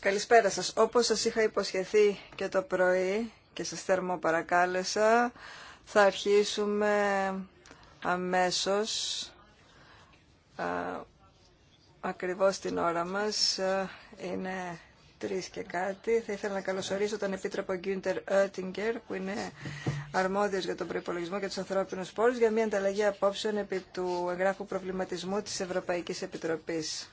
Καλησπέρα σας. Όπως σας είχα υποσχεθεί και το πρωί και σας θερμό παρακάλεσα, θα αρχίσουμε αμέσως, α, ακριβώς την ώρα μας, είναι τρεις και κάτι. Θα ήθελα να καλωσορίσω τον Επίτροπο Γκίντερ Ότιγκερ, που είναι αρμόδιο για τον προπολογισμό και του ανθρώπινους πόρους για μια ανταλλαγή απόψεων επί του εγγράφου προβληματισμού της Ευρωπαϊκής Επιτροπής.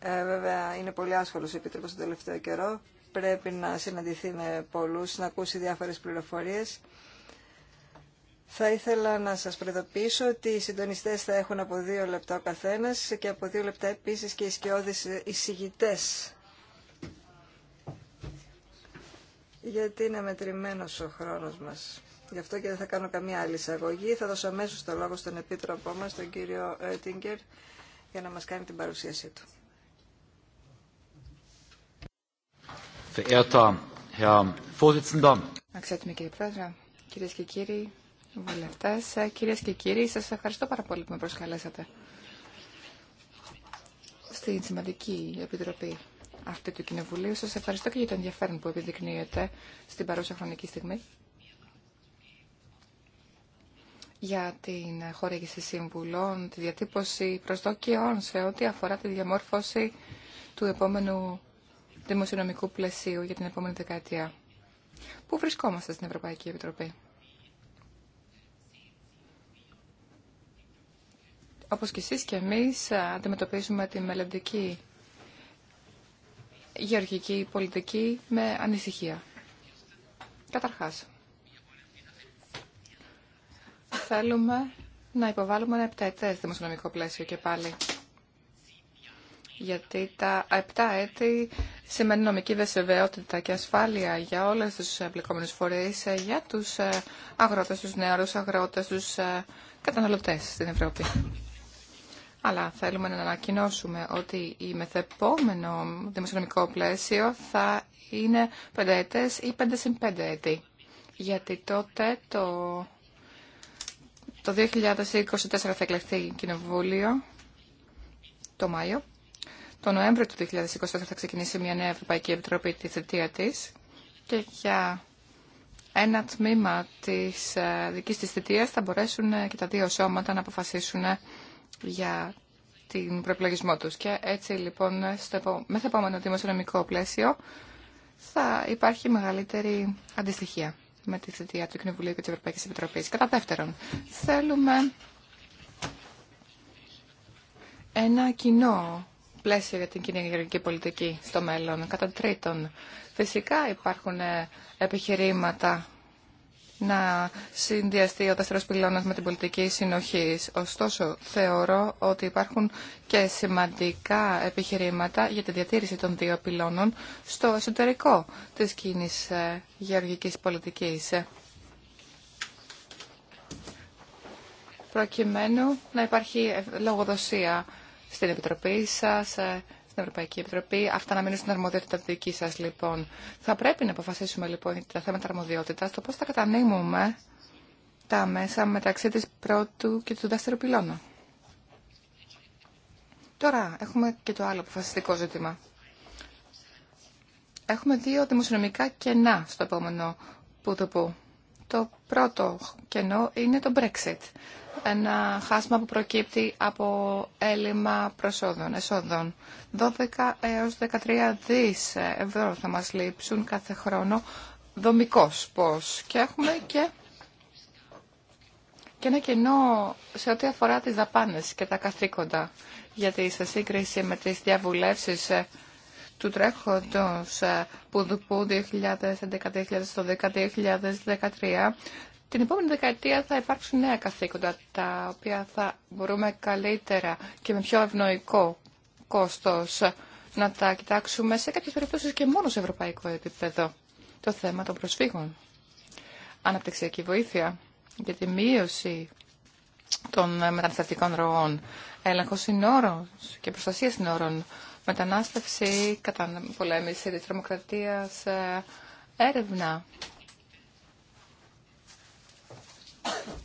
Ε, βέβαια, είναι πολύ άσχολος ο Επίτροπο τον τελευταίο καιρό. Πρέπει να συναντηθεί με πολλούς, να ακούσει διάφορες πληροφορίες. Θα ήθελα να σας προειδοποιήσω ότι οι συντονιστές θα έχουν από δύο λεπτά ο καθένας και από δύο λεπτά επίσης και οι σκιώδεις εισηγητές γιατί είναι μετρημένος ο χρόνος μας. Γι' αυτό και δεν θα κάνω καμία άλλη εισαγωγή. Θα δώσω αμέσω το λόγο στον επίτροπό μας, τον κύριο Έτιγκερ, για να μας κάνει την παρουσίασή του. Αξιότιμη κύριε Πρόεδρε, κυρίες και κύριοι βουλευτές, ε, κυρίες και κύριοι, σας ευχαριστώ πάρα πολύ που με προσκαλέσατε στην σημαντική επιτροπή αυτή του Κοινοβουλίου. Σας ευχαριστώ και για το ενδιαφέρον που επιδεικνύεται στην παρούσα χρονική στιγμή για την χορήγηση συμβουλών, τη διατύπωση προσδοκιών σε ό,τι αφορά τη διαμόρφωση του επόμενου δημοσιονομικού πλαισίου για την επόμενη δεκαετία. Πού βρισκόμαστε στην Ευρωπαϊκή Επιτροπή. Όπως και εσείς και εμείς αντιμετωπίζουμε τη μελλοντική γεωργική πολιτική με ανησυχία. Καταρχάς, θέλουμε να υποβάλουμε ένα επταετές δημοσιονομικό πλαίσιο και πάλι. Γιατί τα επτά έτη σημαίνει νομική δεσεβαιότητα και ασφάλεια για όλες τις εμπλεκόμενες φορείς, ε, για τους ε, αγρότες, τους νεαρούς αγρότες, τους ε, καταναλωτές στην Ευρώπη αλλά θέλουμε να ανακοινώσουμε ότι η μεθεπόμενο δημοσιονομικό πλαίσιο θα είναι πενταετές ή πέντε συν πέντε έτη. Γιατί τότε το, το 2024 θα εκλεχθεί κοινοβούλιο, το Μάιο. Το Νοέμβριο του 2024 θα ξεκινήσει μια νέα Ευρωπαϊκή Επιτροπή τη θετία της και για ένα τμήμα της ε, δικής της θητείας θα μπορέσουν ε, και τα δύο σώματα να αποφασίσουν ε, για την προεπλογισμό τους. Και έτσι λοιπόν στο με το επόμενο δημοσιονομικό πλαίσιο θα υπάρχει μεγαλύτερη αντιστοιχία με τη θητεία του Κοινοβουλίου και της Ευρωπαϊκής Επιτροπής. Κατά δεύτερον, θέλουμε ένα κοινό πλαίσιο για την κοινή πολιτική στο μέλλον. Κατά τρίτον, φυσικά υπάρχουν επιχειρήματα να συνδυαστεί ο δεύτερο πυλώνα με την πολιτική συνοχή. Ωστόσο, θεωρώ ότι υπάρχουν και σημαντικά επιχειρήματα για τη διατήρηση των δύο πυλώνων στο εσωτερικό της κοινή ε, γεωργική πολιτικής. Προκειμένου να υπάρχει λογοδοσία στην Επιτροπή σας, ε, στην Ευρωπαϊκή Επιτροπή. Αυτά να μείνουν στην αρμοδιότητα δική σα, λοιπόν. Θα πρέπει να αποφασίσουμε, λοιπόν, τα θέματα αρμοδιότητα, το πώ θα κατανείμουμε τα μέσα μεταξύ τη πρώτου και του δεύτερου πυλώνα. Τώρα έχουμε και το άλλο αποφασιστικό ζήτημα. Έχουμε δύο δημοσιονομικά κενά στο επόμενο που το πω. Το πρώτο κενό είναι το Brexit. Ένα χάσμα που προκύπτει από έλλειμμα προσόδων, εσόδων. 12 έως 13 δις ευρώ θα μας λείψουν κάθε χρόνο δομικός πώς. Και έχουμε και, και ένα κενό σε ό,τι αφορά τις δαπάνες και τα καθήκοντα. Γιατί σε σύγκριση με τις διαβουλεύσεις ε, του τρέχοντος ε, Πουδουπού 2011-2012-2013, την επόμενη δεκαετία θα υπάρξουν νέα καθήκοντα, τα οποία θα μπορούμε καλύτερα και με πιο ευνοϊκό κόστος να τα κοιτάξουμε σε κάποιες περιπτώσεις και μόνο σε ευρωπαϊκό επίπεδο. Το θέμα των προσφύγων. Αναπτυξιακή βοήθεια για τη μείωση των μεταναστευτικών ροών, έλεγχο συνόρων και προστασία συνόρων, μετανάστευση, καταπολέμηση της τρομοκρατίας, ε, έρευνα.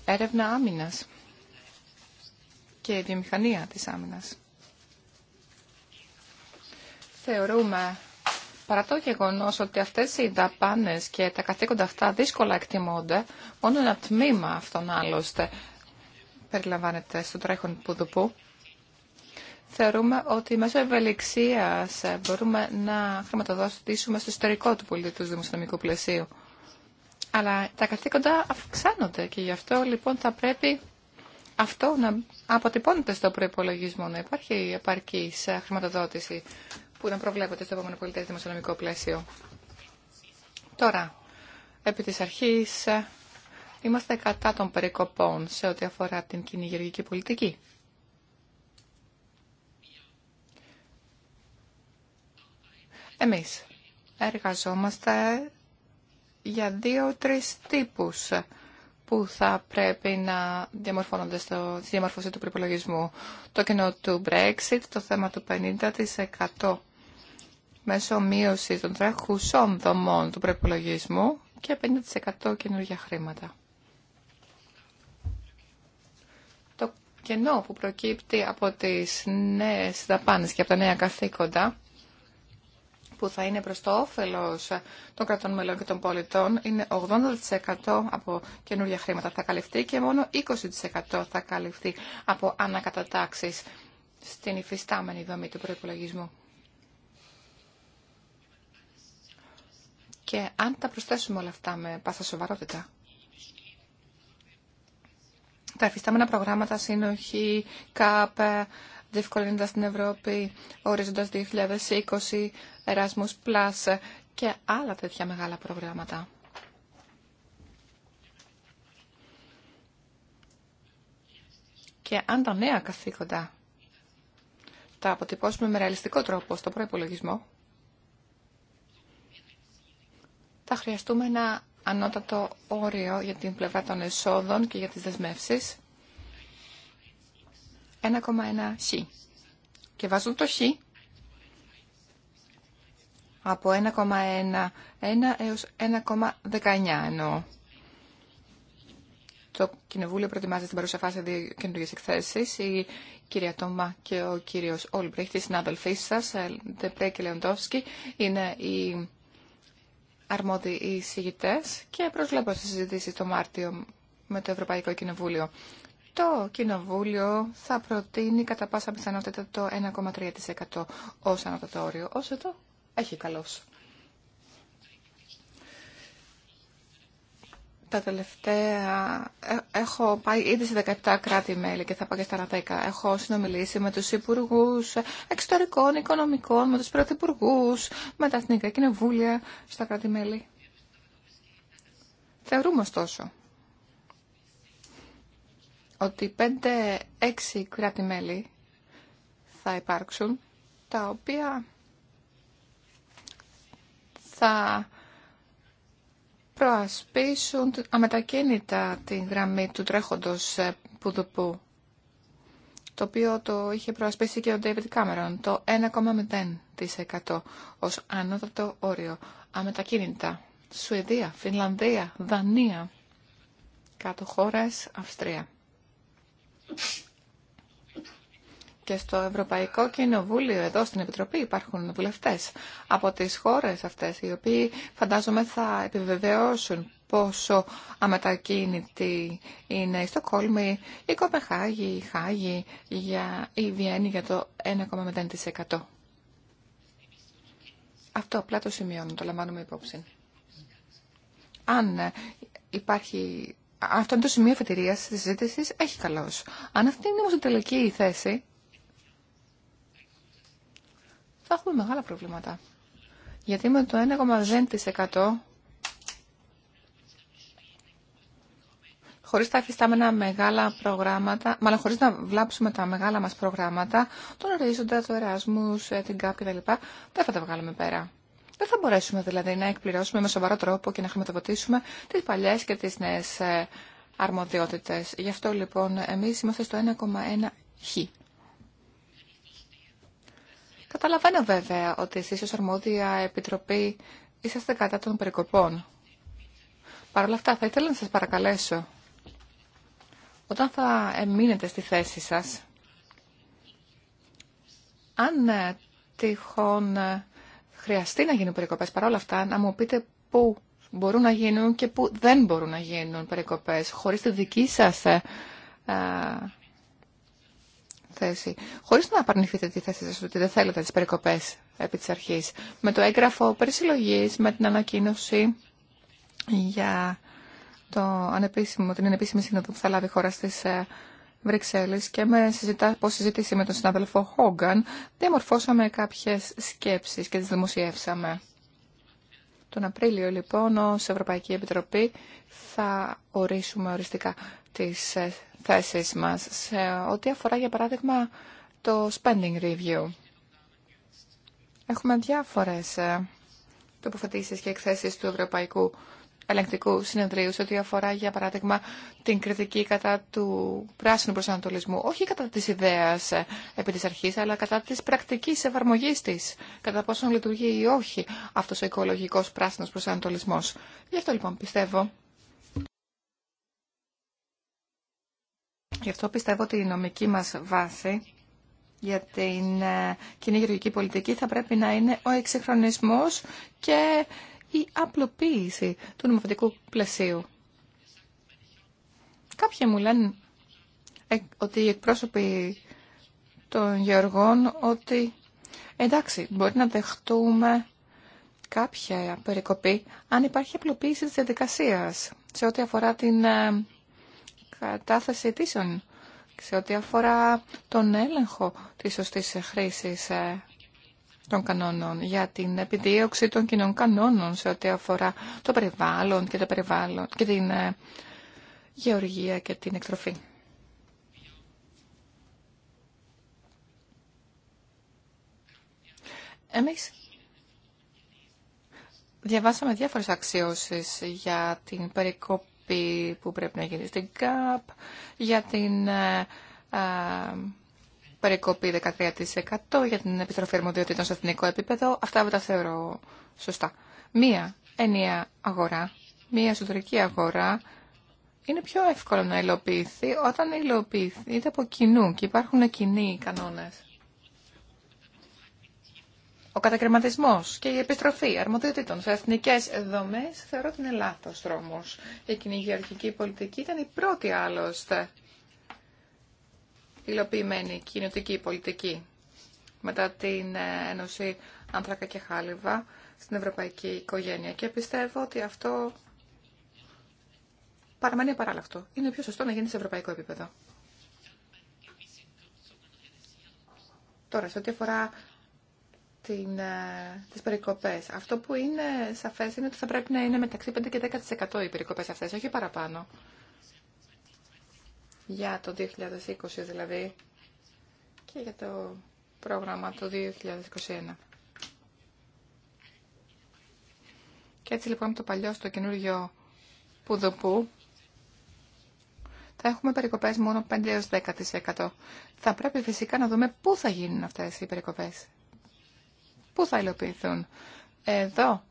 Έρευνα άμυνας και βιομηχανία της άμυνας. Θεωρούμε, παρά το γεγονό ότι αυτές οι δαπάνες και τα καθήκοντα αυτά δύσκολα εκτιμώνται, μόνο ένα τμήμα αυτών άλλωστε περιλαμβάνεται στο τρέχον πουδουπού, θεωρούμε ότι μέσω ευελιξίας μπορούμε να χρηματοδοτήσουμε στο ιστορικό του πολιτικού δημοσιονομικού πλαισίου. Αλλά τα καθήκοντα αυξάνονται και γι' αυτό λοιπόν θα πρέπει αυτό να αποτυπώνεται στο προπολογισμό, να υπάρχει επαρκή χρηματοδότηση που να προβλέπεται στο επόμενο πολιτικό δημοσιονομικό πλαίσιο. Τώρα, επί της αρχής είμαστε κατά των περικοπών σε ό,τι αφορά την κυνηγεργική πολιτική. Εμείς εργαζόμαστε για δύο-τρεις τύπους που θα πρέπει να διαμορφώνονται στο, στη διαμορφωσή του προπολογισμού. Το κενό του Brexit, το θέμα του 50% μέσω μείωση των τρέχουσών δομών του προπολογισμού και 50% καινούργια χρήματα. Το κενό που προκύπτει από τις νέες δαπάνες και από τα νέα καθήκοντα που θα είναι προς το όφελος των κρατών μελών και των πολιτών είναι 80% από καινούργια χρήματα θα καλυφθεί και μόνο 20% θα καλυφθεί από ανακατατάξεις στην υφιστάμενη δομή του προϋπολογισμού. Και αν τα προσθέσουμε όλα αυτά με πάσα σοβαρότητα, τα υφιστάμενα προγράμματα συνοχή, ΚΑΠ, διευκολύνοντας την Ευρώπη, ορίζοντας 2020, Erasmus Plus και άλλα τέτοια μεγάλα προγράμματα. Και αν τα νέα καθήκοντα τα αποτυπώσουμε με ρεαλιστικό τρόπο στο προϋπολογισμό, θα χρειαστούμε ένα ανώτατο όριο για την πλευρά των εσόδων και για τις δεσμεύσεις 1,1 χ. Και βάζουν το χ από 1,11 έως 1,19 εννοώ. Το Κοινοβούλιο προετοιμάζει στην παρούσα φάση δύο καινούργιε εκθέσει. Η κυρία Τόμα και ο κύριο Όλμπρεχτ, οι συνάδελφοί σα, ε, Ντεπρέ και Λεοντόφσκι, είναι οι αρμόδιοι εισηγητέ και προσβλέπω στη συζήτηση το Μάρτιο με το Ευρωπαϊκό Κοινοβούλιο. Το Κοινοβούλιο θα προτείνει κατά πάσα πιθανότητα το 1,3% ως ανατοτόριο. Ως εδώ έχει καλώς. τα τελευταία... Ε, έχω πάει ήδη σε 17 κράτη-μέλη και θα πάω και στα 10. Έχω συνομιλήσει με τους υπουργούς εξωτερικών, οικονομικών, με τους πρωθυπουργού, με τα εθνικά κοινοβούλια στα κράτη-μέλη. Θεωρούμε ωστόσο ότι 5-6 κράτη-μέλη θα υπάρξουν, τα οποία θα προασπίσουν αμετακίνητα τη γραμμή του τρέχοντος ε, πουδουπού, το οποίο το είχε προασπίσει και ο David Cameron, το 1,0% ως ανώτατο όριο. Αμετακίνητα. Σουηδία, Φινλανδία, Δανία, κάτω χώρες, Αυστρία. Και στο Ευρωπαϊκό Κοινοβούλιο, εδώ στην Επιτροπή, υπάρχουν βουλευτές από τις χώρες αυτές, οι οποίοι φαντάζομαι θα επιβεβαιώσουν πόσο αμετακίνητη είναι η Στοκόλμη, η Κοπεχάγη, η Χάγη, για, η Βιέννη για το 1,5%. Αυτό απλά το σημειώνω, το λαμβάνουμε υπόψη. Αν υπάρχει αυτό είναι το σημείο φετηρία της συζήτηση έχει καλώς. Αν αυτή είναι όμως η τελική θέση, θα έχουμε μεγάλα προβλήματα. Γιατί με το 1,0% χωρίς τα αφιστάμενα μεγάλα προγράμματα, μάλλον χωρίς να βλάψουμε τα μεγάλα μας προγράμματα, τον ορίζοντα, το Εράσμους, την ΚΑΠ λοιπά, δεν θα τα βγάλουμε πέρα. Δεν θα μπορέσουμε δηλαδή να εκπληρώσουμε με σοβαρό τρόπο και να χρηματοδοτήσουμε τις παλιέ και τις νέε ε, αρμοδιότητες. Γι' αυτό λοιπόν εμείς είμαστε στο 1,1 χ. Καταλαβαίνω βέβαια ότι εσείς ως αρμόδια επιτροπή είσαστε κατά των περικοπών. Παρ' όλα αυτά θα ήθελα να σας παρακαλέσω όταν θα εμείνετε στη θέση σας αν ε, τυχόν ε, χρειαστεί να γίνουν περικοπές. Παρ' όλα αυτά, να μου πείτε πού μπορούν να γίνουν και πού δεν μπορούν να γίνουν περικοπές, χωρίς τη δική σας ε, θέση. Χωρίς να απαρνηθείτε τη θέση σας ότι δεν θέλετε τις περικοπές επί της αρχής. Με το έγγραφο περισυλλογής, με την ανακοίνωση για το ανεπίσημο, την ανεπίσημη σύνοδο που θα λάβει η χώρα στις ε, Βρυξέλλες και με συζητά, πώς συζήτηση με τον συνάδελφο Χόγκαν, διαμορφώσαμε κάποιες σκέψεις και τις δημοσιεύσαμε. Τον Απρίλιο, λοιπόν, ως Ευρωπαϊκή Επιτροπή θα ορίσουμε οριστικά τις ε, θέσεις μας σε ό,τι αφορά, για παράδειγμα, το spending review. Έχουμε διάφορες ε, τοποθετήσει και εκθέσεις του Ευρωπαϊκού ελεγκτικού συνεδρίου σε ό,τι αφορά, για παράδειγμα, την κριτική κατά του πράσινου προσανατολισμού. Όχι κατά της ιδέας ε, επί της αρχής, αλλά κατά της πρακτικής εφαρμογής της. Κατά πόσον λειτουργεί ή όχι αυτός ο οικολογικός πράσινος προσανατολισμός. Γι' αυτό λοιπόν πιστεύω. Γι' αυτό πιστεύω ότι η νομική μας βάση για την ε, κοινή γεωργική πολιτική θα πρέπει να είναι ο εξυγχρονισμός και η απλοποίηση του νομοθετικού πλαισίου. Κάποιοι μου λένε ε, ότι οι εκπρόσωποι των γεωργών ότι εντάξει μπορεί να δεχτούμε κάποια περικοπή αν υπάρχει απλοποίηση της διαδικασίας σε ό,τι αφορά την ε, κατάθεση αιτήσεων, σε ό,τι αφορά τον έλεγχο της σωστής χρήσης ε, για την επιδίωξη των κοινών κανόνων σε ό,τι αφορά το περιβάλλον και, το περιβάλλον και την ε, γεωργία και την εκτροφή. Εμείς διαβάσαμε διάφορες αξιώσεις για την περικοπή που πρέπει να γίνει στην ΚΑΠ, για την ε, ε, περικοπή 13% για την επιστροφή αρμοδιοτήτων σε εθνικό επίπεδο. Αυτά τα θεωρώ σωστά. Μία ενιαία αγορά, μία εσωτερική αγορά είναι πιο εύκολο να υλοποιηθεί όταν υλοποιηθεί από κοινού και υπάρχουν κοινοί κανόνες. Ο κατακριματισμό και η επιστροφή αρμοδιοτήτων σε εθνικέ δομές θεωρώ ότι είναι λάθο δρόμο. Η κοινή γεωργική πολιτική ήταν η πρώτη άλλωστε υλοποιημένη κοινωτική πολιτική μετά την ε, Ένωση Άνθρακα και Χάλιβα στην Ευρωπαϊκή Οικογένεια. Και πιστεύω ότι αυτό παραμένει απαράλλαχτο. Είναι πιο σωστό να γίνει σε ευρωπαϊκό επίπεδο. Τώρα, σε ό,τι αφορά την, ε, τις περικοπές, αυτό που είναι σαφές είναι ότι θα πρέπει να είναι μεταξύ 5 και 10% οι περικοπές αυτές, όχι παραπάνω για το 2020 δηλαδή και για το πρόγραμμα το 2021. Και έτσι λοιπόν το παλιό στο καινούργιο πουδοπού θα έχουμε περικοπές μόνο 5-10%. Θα πρέπει φυσικά να δούμε πού θα γίνουν αυτές οι περικοπές. Πού θα υλοποιηθούν. Εδώ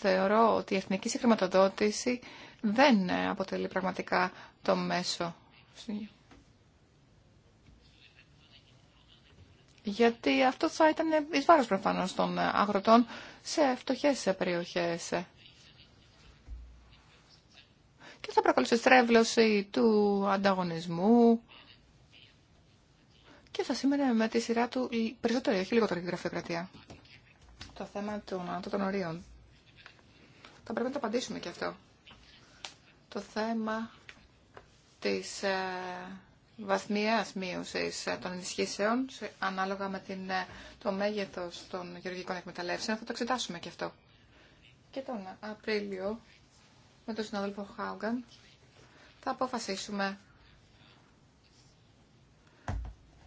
θεωρώ ότι η εθνική συγχρηματοδότηση δεν αποτελεί πραγματικά το μέσο γιατί αυτό θα ήταν εις βάρος προφανώς των ε, αγροτών σε φτωχές σε περιοχές. Και θα προκαλούσε στρέβλωση του ανταγωνισμού και θα σήμερα με τη σειρά του περισσότερη, όχι λιγότερη γραφειοκρατία. Το θέμα των ορίων. Θα πρέπει να το απαντήσουμε και αυτό. Το θέμα της ε, βαθμίας μείωσης ε, των ενισχύσεων ανάλογα με την, ε, το μέγεθος των γεωργικών εκμεταλλεύσεων. Θα το εξετάσουμε και αυτό. Και τον Απρίλιο με τον συνάδελφο Χάουγκαν θα αποφασίσουμε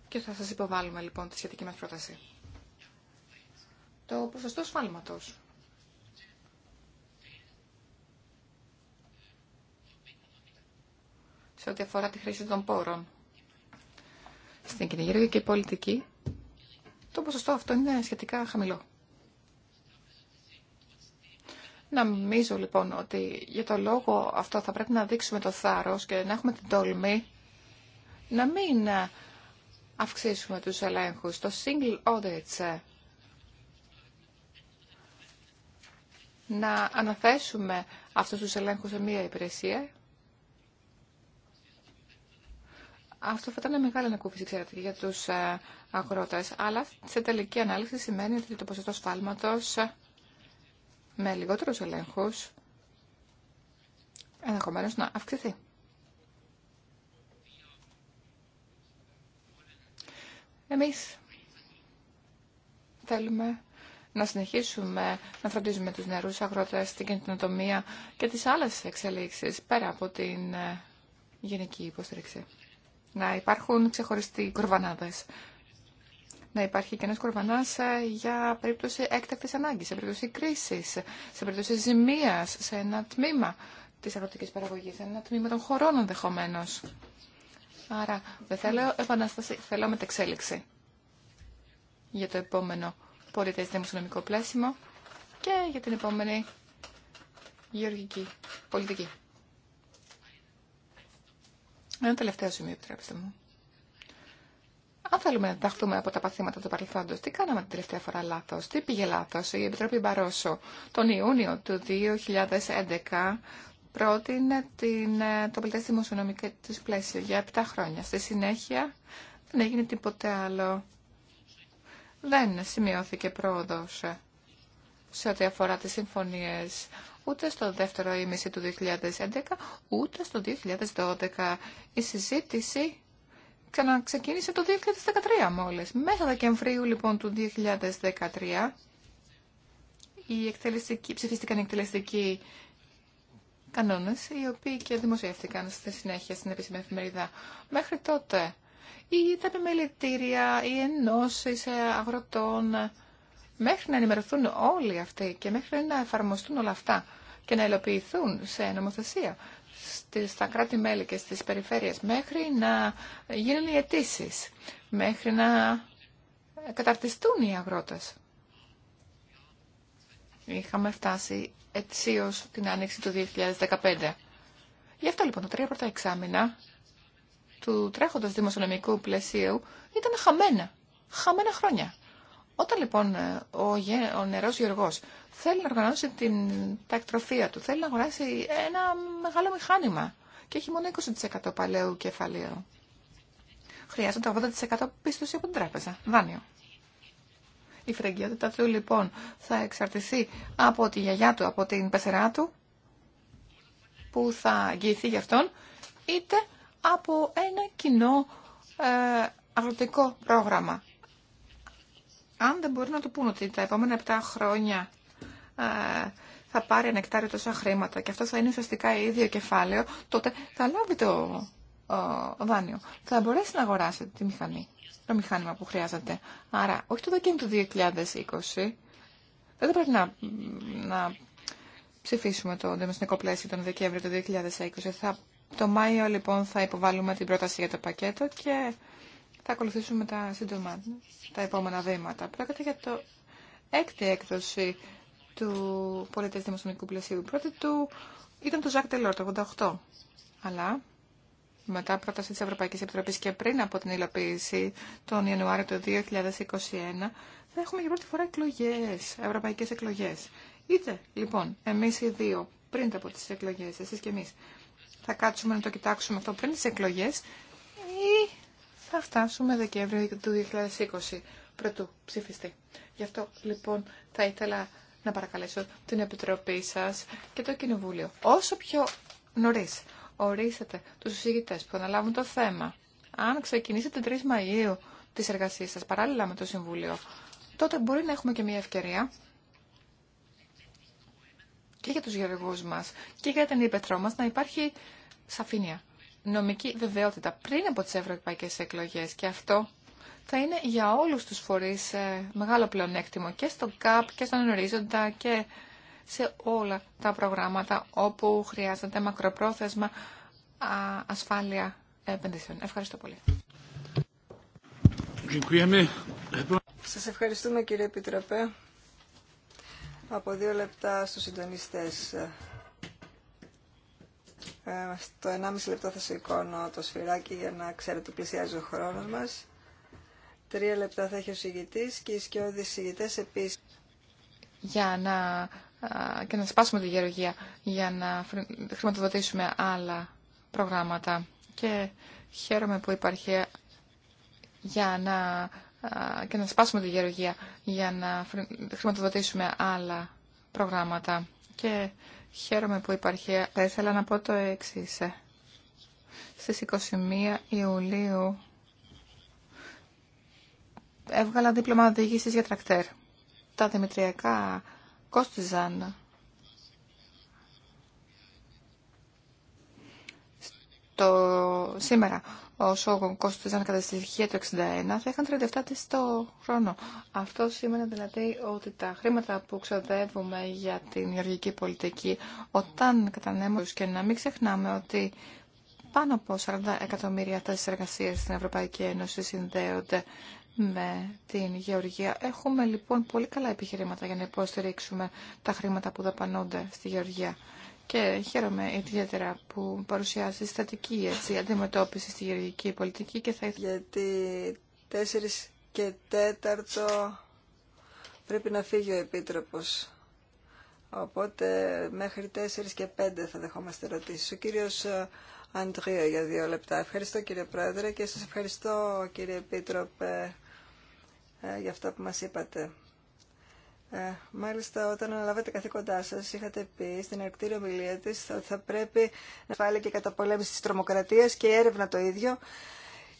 και θα σας υποβάλουμε λοιπόν τη σχετική μας πρόταση. Το ποσοστό σφάλματος. σε ό,τι αφορά τη χρήση των πόρων. Στην και πολιτική το ποσοστό αυτό είναι σχετικά χαμηλό. Να Νομίζω λοιπόν ότι για το λόγο αυτό θα πρέπει να δείξουμε το θάρρος και να έχουμε την τόλμη να μην αυξήσουμε τους ελέγχους. Το single audit να αναθέσουμε αυτούς τους ελέγχους σε μία υπηρεσία Αυτό θα ήταν μεγάλη ανακούφιση, ξέρετε, για τους ε, αγρότε. Αλλά σε τελική ανάλυση σημαίνει ότι το ποσοστό σφάλματος ε, με λιγότερου ελέγχου ενδεχομένω να αυξηθεί. Εμεί θέλουμε να συνεχίσουμε να φροντίζουμε τους νερού αγρότε, την καινοτομία και τις άλλες εξελίξεις πέρα από την ε, γενική υποστήριξη να υπάρχουν ξεχωριστοί κορβανάδε. Να υπάρχει και ένας κορβανά ε, για περίπτωση έκτακτη ανάγκη, σε περίπτωση κρίση, σε περίπτωση ζημίας, σε ένα τμήμα της αγροτική παραγωγή, σε ένα τμήμα των χωρών ενδεχομένω. Άρα δεν θέλω επανάσταση, θέλω μετεξέλιξη για το επόμενο πολιτές δημοσιονομικό πλαίσιο και για την επόμενη γεωργική πολιτική. Ένα τελευταίο σημείο, επιτρέψτε μου. Αν θέλουμε να ταχθούμε από τα παθήματα του παρελθόντος, τι κάναμε την τελευταία φορά λάθος, τι πήγε λάθος. Η Επιτροπή Μπαρόσο τον Ιούνιο του 2011 πρότεινε την, ε, το πολιτές δημοσιονομικό της πλαίσιο για 7 χρόνια. Στη συνέχεια δεν έγινε τίποτε άλλο. Δεν σημειώθηκε πρόοδος σε ό,τι αφορά τις συμφωνίες ούτε στο δεύτερο ήμιση του 2011, ούτε στο 2012. Η συζήτηση ξαναξεκίνησε το 2013 μόλις. Μέσα Δεκεμβρίου λοιπόν του 2013 η εκτελεστική, ψηφίστηκαν οι εκτελεστικοί κανόνες, οι οποίοι και δημοσιεύτηκαν στη συνέχεια στην επίσημη εφημερίδα. Μέχρι τότε ή τα επιμελητήρια, οι ενώσεις ε, αγροτών, μέχρι να ενημερωθούν όλοι αυτοί και μέχρι να εφαρμοστούν όλα αυτά και να υλοποιηθούν σε νομοθεσία στα κράτη-μέλη και στις περιφέρειες μέχρι να γίνουν οι αιτήσει, μέχρι να καταρτιστούν οι αγρότες. Είχαμε φτάσει ετσίως την άνοιξη του 2015. Γι' αυτό λοιπόν τα τρία πρώτα εξάμεινα του τρέχοντος δημοσιονομικού πλαισίου ήταν χαμένα. Χαμένα χρόνια. Όταν λοιπόν ε, ο, ο νερός γεωργός θέλει να οργανώσει την, τα εκτροφία του, θέλει να αγοράσει ένα μεγάλο μηχάνημα και έχει μόνο 20% παλαιού κεφαλαίου. Χρειάζονται 80% πίστοση από την τράπεζα, δάνειο. Η φρεγγιότητα του λοιπόν θα εξαρτηθεί από τη γιαγιά του, από την πεθερά του, που θα αγγιηθεί γι' αυτόν, είτε από ένα κοινό ε, αγροτικό πρόγραμμα αν δεν μπορεί να του πούν ότι τα επόμενα 7 χρόνια ε, θα πάρει ένα εκτάριο τόσα χρήματα και αυτό θα είναι ουσιαστικά ίδιο κεφάλαιο, τότε θα λάβει το δάνειο. Θα μπορέσει να αγοράσει τη μηχανή, το μηχάνημα που χρειάζεται. Άρα, όχι το Δεκέμβριο του 2020, δεν πρέπει να, να ψηφίσουμε το δημοσιονομικό πλαίσιο τον Δεκέμβριο του 2020. Θα, το Μάιο, λοιπόν, θα υποβάλουμε την πρόταση για το πακέτο και θα ακολουθήσουμε τα σύντομα, τα επόμενα βήματα. Πρόκειται για το έκτη έκδοση του πολιτές δημοσιονομικού πλαισίου. Πρώτη του ήταν το Ζακ Τελόρ το 88. Αλλά μετά πρόταση της Ευρωπαϊκής Επιτροπής και πριν από την υλοποίηση τον Ιανουάριο του 2021 θα έχουμε για πρώτη φορά εκλογές, ευρωπαϊκές εκλογές. Είτε λοιπόν εμείς οι δύο πριν από τις εκλογές, εσείς και εμείς, θα κάτσουμε να το κοιτάξουμε αυτό πριν τις εκλογές ή θα φτάσουμε Δεκέμβριο του 2020 πρωτού ψηφιστεί. Γι' αυτό λοιπόν θα ήθελα να παρακαλέσω την Επιτροπή σας και το Κοινοβούλιο. Όσο πιο νωρίς ορίσετε τους συζητητές που αναλάβουν το θέμα, αν ξεκινήσετε 3 Μαΐου τις εργασίες σας παράλληλα με το Συμβούλιο, τότε μπορεί να έχουμε και μια ευκαιρία και για τους γεωργούς μας και για την υπετρό μας να υπάρχει σαφήνεια νομική βεβαιότητα πριν από τις ευρωπαϊκές εκλογές και αυτό θα είναι για όλους τους φορείς μεγάλο πλεονέκτημα και στο ΚΑΠ και στον ορίζοντα και σε όλα τα προγράμματα όπου χρειάζεται μακροπρόθεσμα ασφάλεια επενδύσεων. Ευχαριστώ πολύ. Σας ευχαριστούμε κύριε Επιτροπέ. Από δύο λεπτά στους συντονιστές. Ε, στο 1,5 λεπτό θα σηκώνω το σφυράκι για να ξέρετε ότι πλησιάζει ο χρόνο μας. Τρία λεπτά θα έχει ο συγητής και οι σκιώδεις συγητές επίσης. Για να, και να σπάσουμε τη γεωργία για να χρηματοδοτήσουμε άλλα προγράμματα. Και χαίρομαι που υπάρχει για να και να σπάσουμε τη γεωργία για να χρηματοδοτήσουμε άλλα προγράμματα. Και Χαίρομαι που υπάρχει. Θα ήθελα να πω το εξή. Ε. Στις 21 Ιουλίου έβγαλα δίπλωμα οδήγηση για τρακτέρ. Τα δημητριακά κόστιζαν το σήμερα όσο ο κόστος ήταν κατά στοιχεία του 61, θα είχαν 37 της το χρόνο. Αυτό σημαίνει δηλαδή ότι τα χρήματα που ξοδεύουμε για την γεωργική πολιτική, όταν κατανέμουμε και να μην ξεχνάμε ότι πάνω από 40 εκατομμύρια θέσεις εργασία στην Ευρωπαϊκή Ένωση συνδέονται με την γεωργία. Έχουμε λοιπόν πολύ καλά επιχειρήματα για να υποστηρίξουμε τα χρήματα που δαπανώνται στη γεωργία και χαίρομαι ιδιαίτερα που παρουσιάζει στατική έτσι, αντιμετώπιση στη γεωργική πολιτική και θα Γιατί 4 και τέταρτο πρέπει να φύγει ο Επίτροπος. Οπότε μέχρι 4 και πέντε θα δεχόμαστε ερωτήσει. Ο κύριος ε, Αντρίο για δύο λεπτά. Ευχαριστώ κύριε Πρόεδρε και σας ευχαριστώ κύριε Επίτροπε ε, για αυτά που μας είπατε. Ε, μάλιστα, όταν αναλάβατε καθήκοντά σα, είχατε πει στην αρκτήρια ομιλία τη ότι θα πρέπει να φάει και καταπολέμηση τη τρομοκρατία και έρευνα το ίδιο.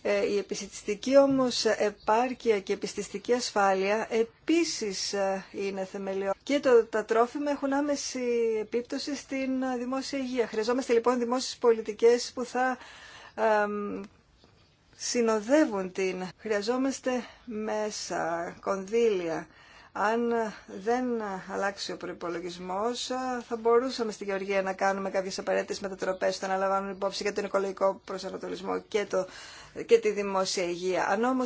Ε, η επιστηστική όμως επάρκεια και επιστηστική ασφάλεια επίσης ε, είναι θεμελιώδη. Και το, τα τρόφιμα έχουν άμεση επίπτωση στην ε, δημόσια υγεία. Χρειαζόμαστε λοιπόν δημόσιες πολιτικές που θα συνοδεύουν την. Χρειαζόμαστε μέσα, κονδύλια, αν δεν αλλάξει ο προπολογισμό, θα μπορούσαμε στη Γεωργία να κάνουμε κάποιε απαραίτητε μετατροπέ στο να λαμβάνουν υπόψη για τον οικολογικό προσανατολισμό και, το, και τη δημόσια υγεία. Αν όμω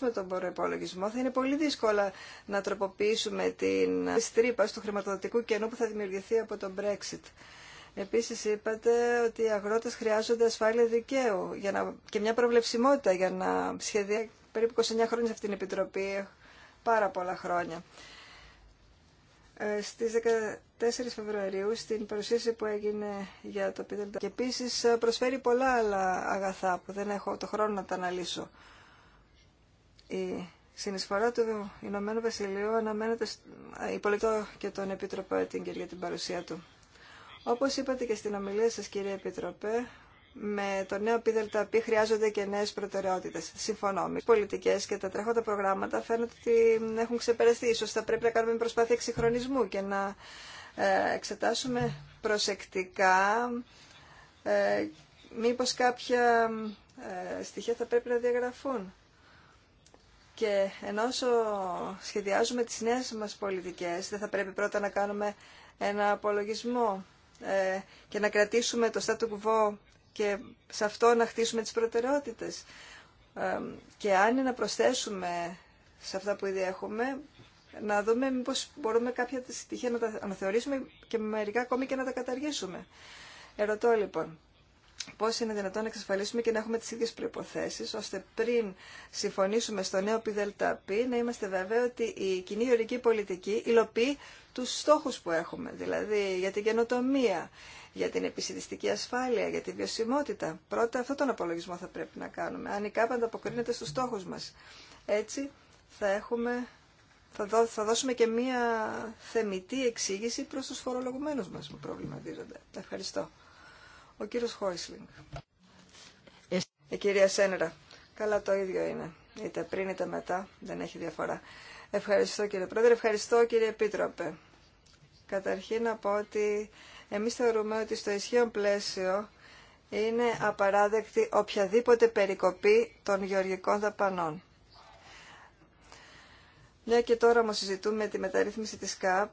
με τον προπολογισμό, θα είναι πολύ δύσκολα να τροποποιήσουμε την στρίπα του χρηματοδοτικού κενού που θα δημιουργηθεί από τον Brexit. Επίσης είπατε ότι οι αγρότες χρειάζονται ασφάλεια δικαίου για να... και μια προβλεψιμότητα για να σχεδία περίπου 29 χρόνια σε αυτήν την Επιτροπή πάρα πολλά χρόνια. Ε, στις 14 Φεβρουαρίου στην παρουσίαση που έγινε για το Πίτερ και επίσης ε, προσφέρει πολλά άλλα αγαθά που δεν έχω το χρόνο να τα αναλύσω. Η συνεισφορά του Ηνωμένου Βασιλείου αναμένεται ε, υπολογιστό και τον Επίτροπο Έτιγκερ για την παρουσία του. Όπως είπατε και στην ομιλία σας κύριε Επίτροπε, με το νέο οποία χρειάζονται και νέε προτεραιότητε. Συμφωνώ. Οι πολιτικέ και τα τρέχοντα προγράμματα φαίνεται ότι έχουν ξεπεραστεί. σω θα πρέπει να κάνουμε προσπάθεια εξυγχρονισμού και να ε, εξετάσουμε προσεκτικά ε, μήπως κάποια ε, στοιχεία θα πρέπει να διαγραφούν. Και ενώ σχεδιάζουμε τις νέες μας πολιτικές, δεν θα πρέπει πρώτα να κάνουμε ένα απολογισμό ε, και να κρατήσουμε το status κουβό και σε αυτό να χτίσουμε τις προτεραιότητες. Και αν είναι να προσθέσουμε σε αυτά που ήδη έχουμε, να δούμε μήπως μπορούμε κάποια στοιχεία να τα αναθεωρήσουμε και μερικά ακόμη και να τα καταργήσουμε. Ερωτώ λοιπόν, Πώ είναι δυνατόν να εξασφαλίσουμε και να έχουμε τι ίδιε προποθέσει ώστε πριν συμφωνήσουμε στο νέο ΠΔΠ να είμαστε βέβαιοι ότι η κοινή ορική πολιτική υλοποιεί του στόχου που έχουμε, δηλαδή για την καινοτομία, για την επιστημιστική ασφάλεια, για τη βιωσιμότητα. Πρώτα αυτόν τον απολογισμό θα πρέπει να κάνουμε, αν η ΚΑΠ ανταποκρίνεται στου στόχου μα. Έτσι θα, έχουμε, θα, δώσουμε και μία θεμητή εξήγηση προς τους φορολογουμένους μας που προβληματίζονται. Ευχαριστώ. Ο κύριος Χόισλινγκ. Ε, Η κυρία Σένερα. Καλά το ίδιο είναι. Είτε πριν είτε μετά. Δεν έχει διαφορά. Ευχαριστώ κύριε Πρόεδρε. Ευχαριστώ κύριε Επίτροπε. Καταρχήν να πω ότι εμείς θεωρούμε ότι στο ισχύον πλαίσιο είναι απαράδεκτη οποιαδήποτε περικοπή των γεωργικών δαπανών. Μια και τώρα όμως συζητούμε τη μεταρρύθμιση της ΚΑΠ,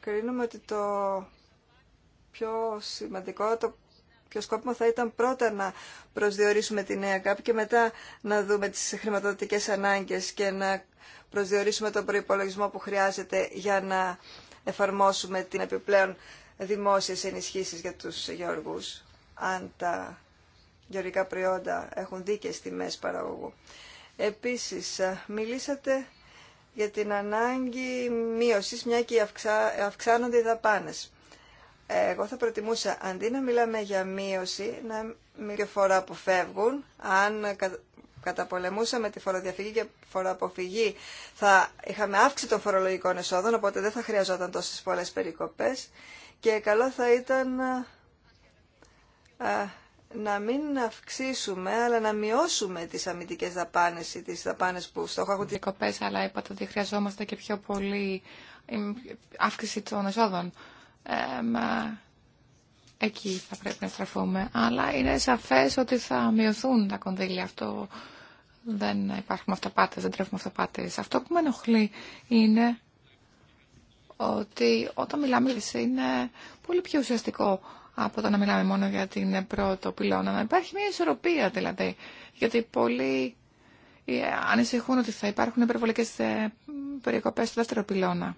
κρίνουμε ότι το πιο σημαντικό, το Ποιο σκόπιμο θα ήταν πρώτα να προσδιορίσουμε τη νέα ΚΑΠ και μετά να δούμε τις χρηματοδοτικές ανάγκες και να προσδιορίσουμε τον προϋπολογισμό που χρειάζεται για να εφαρμόσουμε την επιπλέον δημόσιες ενισχύσεις για τους γεωργούς, αν τα γεωργικά προϊόντα έχουν δίκαιες τιμές παραγωγού. Επίσης, μιλήσατε για την ανάγκη μείωσης, μια και αυξάνονται οι δαπάνες. Εγώ θα προτιμούσα αντί να μιλάμε για μείωση, να μιλάμε φορά που φεύγουν. Αν καταπολεμούσαμε τη φοροδιαφυγή και φοροαποφυγή, θα είχαμε αύξηση των φορολογικών εσόδων, οπότε δεν θα χρειαζόταν τόσες πολλές περικοπές. Και καλό θα ήταν ε, να μην αυξήσουμε, αλλά να μειώσουμε τις αμυντικές δαπάνες ή τις δαπάνες που στόχο έχουν... Περικοπές, αλλά είπατε ότι χρειαζόμαστε και πιο πολύ ε, αύξηση των εσόδων. Ε, εκεί θα πρέπει να στραφούμε. Αλλά είναι σαφές ότι θα μειωθούν τα κονδύλια. Αυτό δεν υπάρχουν αυτοπάτες δεν τρέφουμε αυτοπάτες Αυτό που με ενοχλεί είναι ότι όταν μιλάμε για είναι πολύ πιο ουσιαστικό από το να μιλάμε μόνο για την πρώτο πυλώνα. Να υπάρχει μια ισορροπία δηλαδή, γιατί πολλοί ε, ανησυχούν ότι θα υπάρχουν υπερβολικές ε, περικοπές στο δεύτερο πυλώνα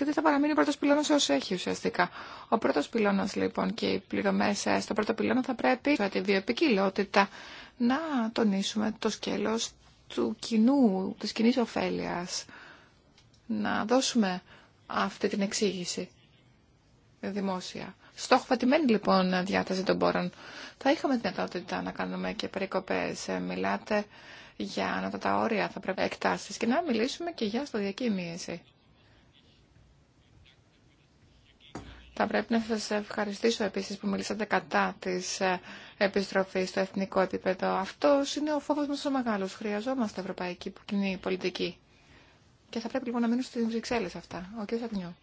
και ότι θα παραμείνει ο πρώτο πυλώνα όσο έχει ουσιαστικά. Ο πρώτο πυλώνα λοιπόν και οι πληρωμέ ε, στο πρώτο πυλώνα θα πρέπει τη βιοπικιλότητα να τονίσουμε το σκέλο του κοινού, της κοινή ωφέλεια, Να δώσουμε αυτή την εξήγηση δημόσια. Στόχφατημένη λοιπόν διάθεση των πόρων. Θα είχαμε δυνατότητα να κάνουμε και περικοπέ. Ε, μιλάτε για ανώτατα όρια, θα πρέπει εκτάσει και να μιλήσουμε και για σταδιακή μείωση. Θα πρέπει να σας ευχαριστήσω επίσης που μιλήσατε κατά της ε, επιστροφής στο εθνικό επίπεδο. Αυτό είναι ο φόβος μας ο μεγάλος. Χρειαζόμαστε ευρωπαϊκή κοινή πολιτική. Και θα πρέπει λοιπόν να μείνουν στις Βρυξέλλες αυτά. Ο κ. Σαγνιώ.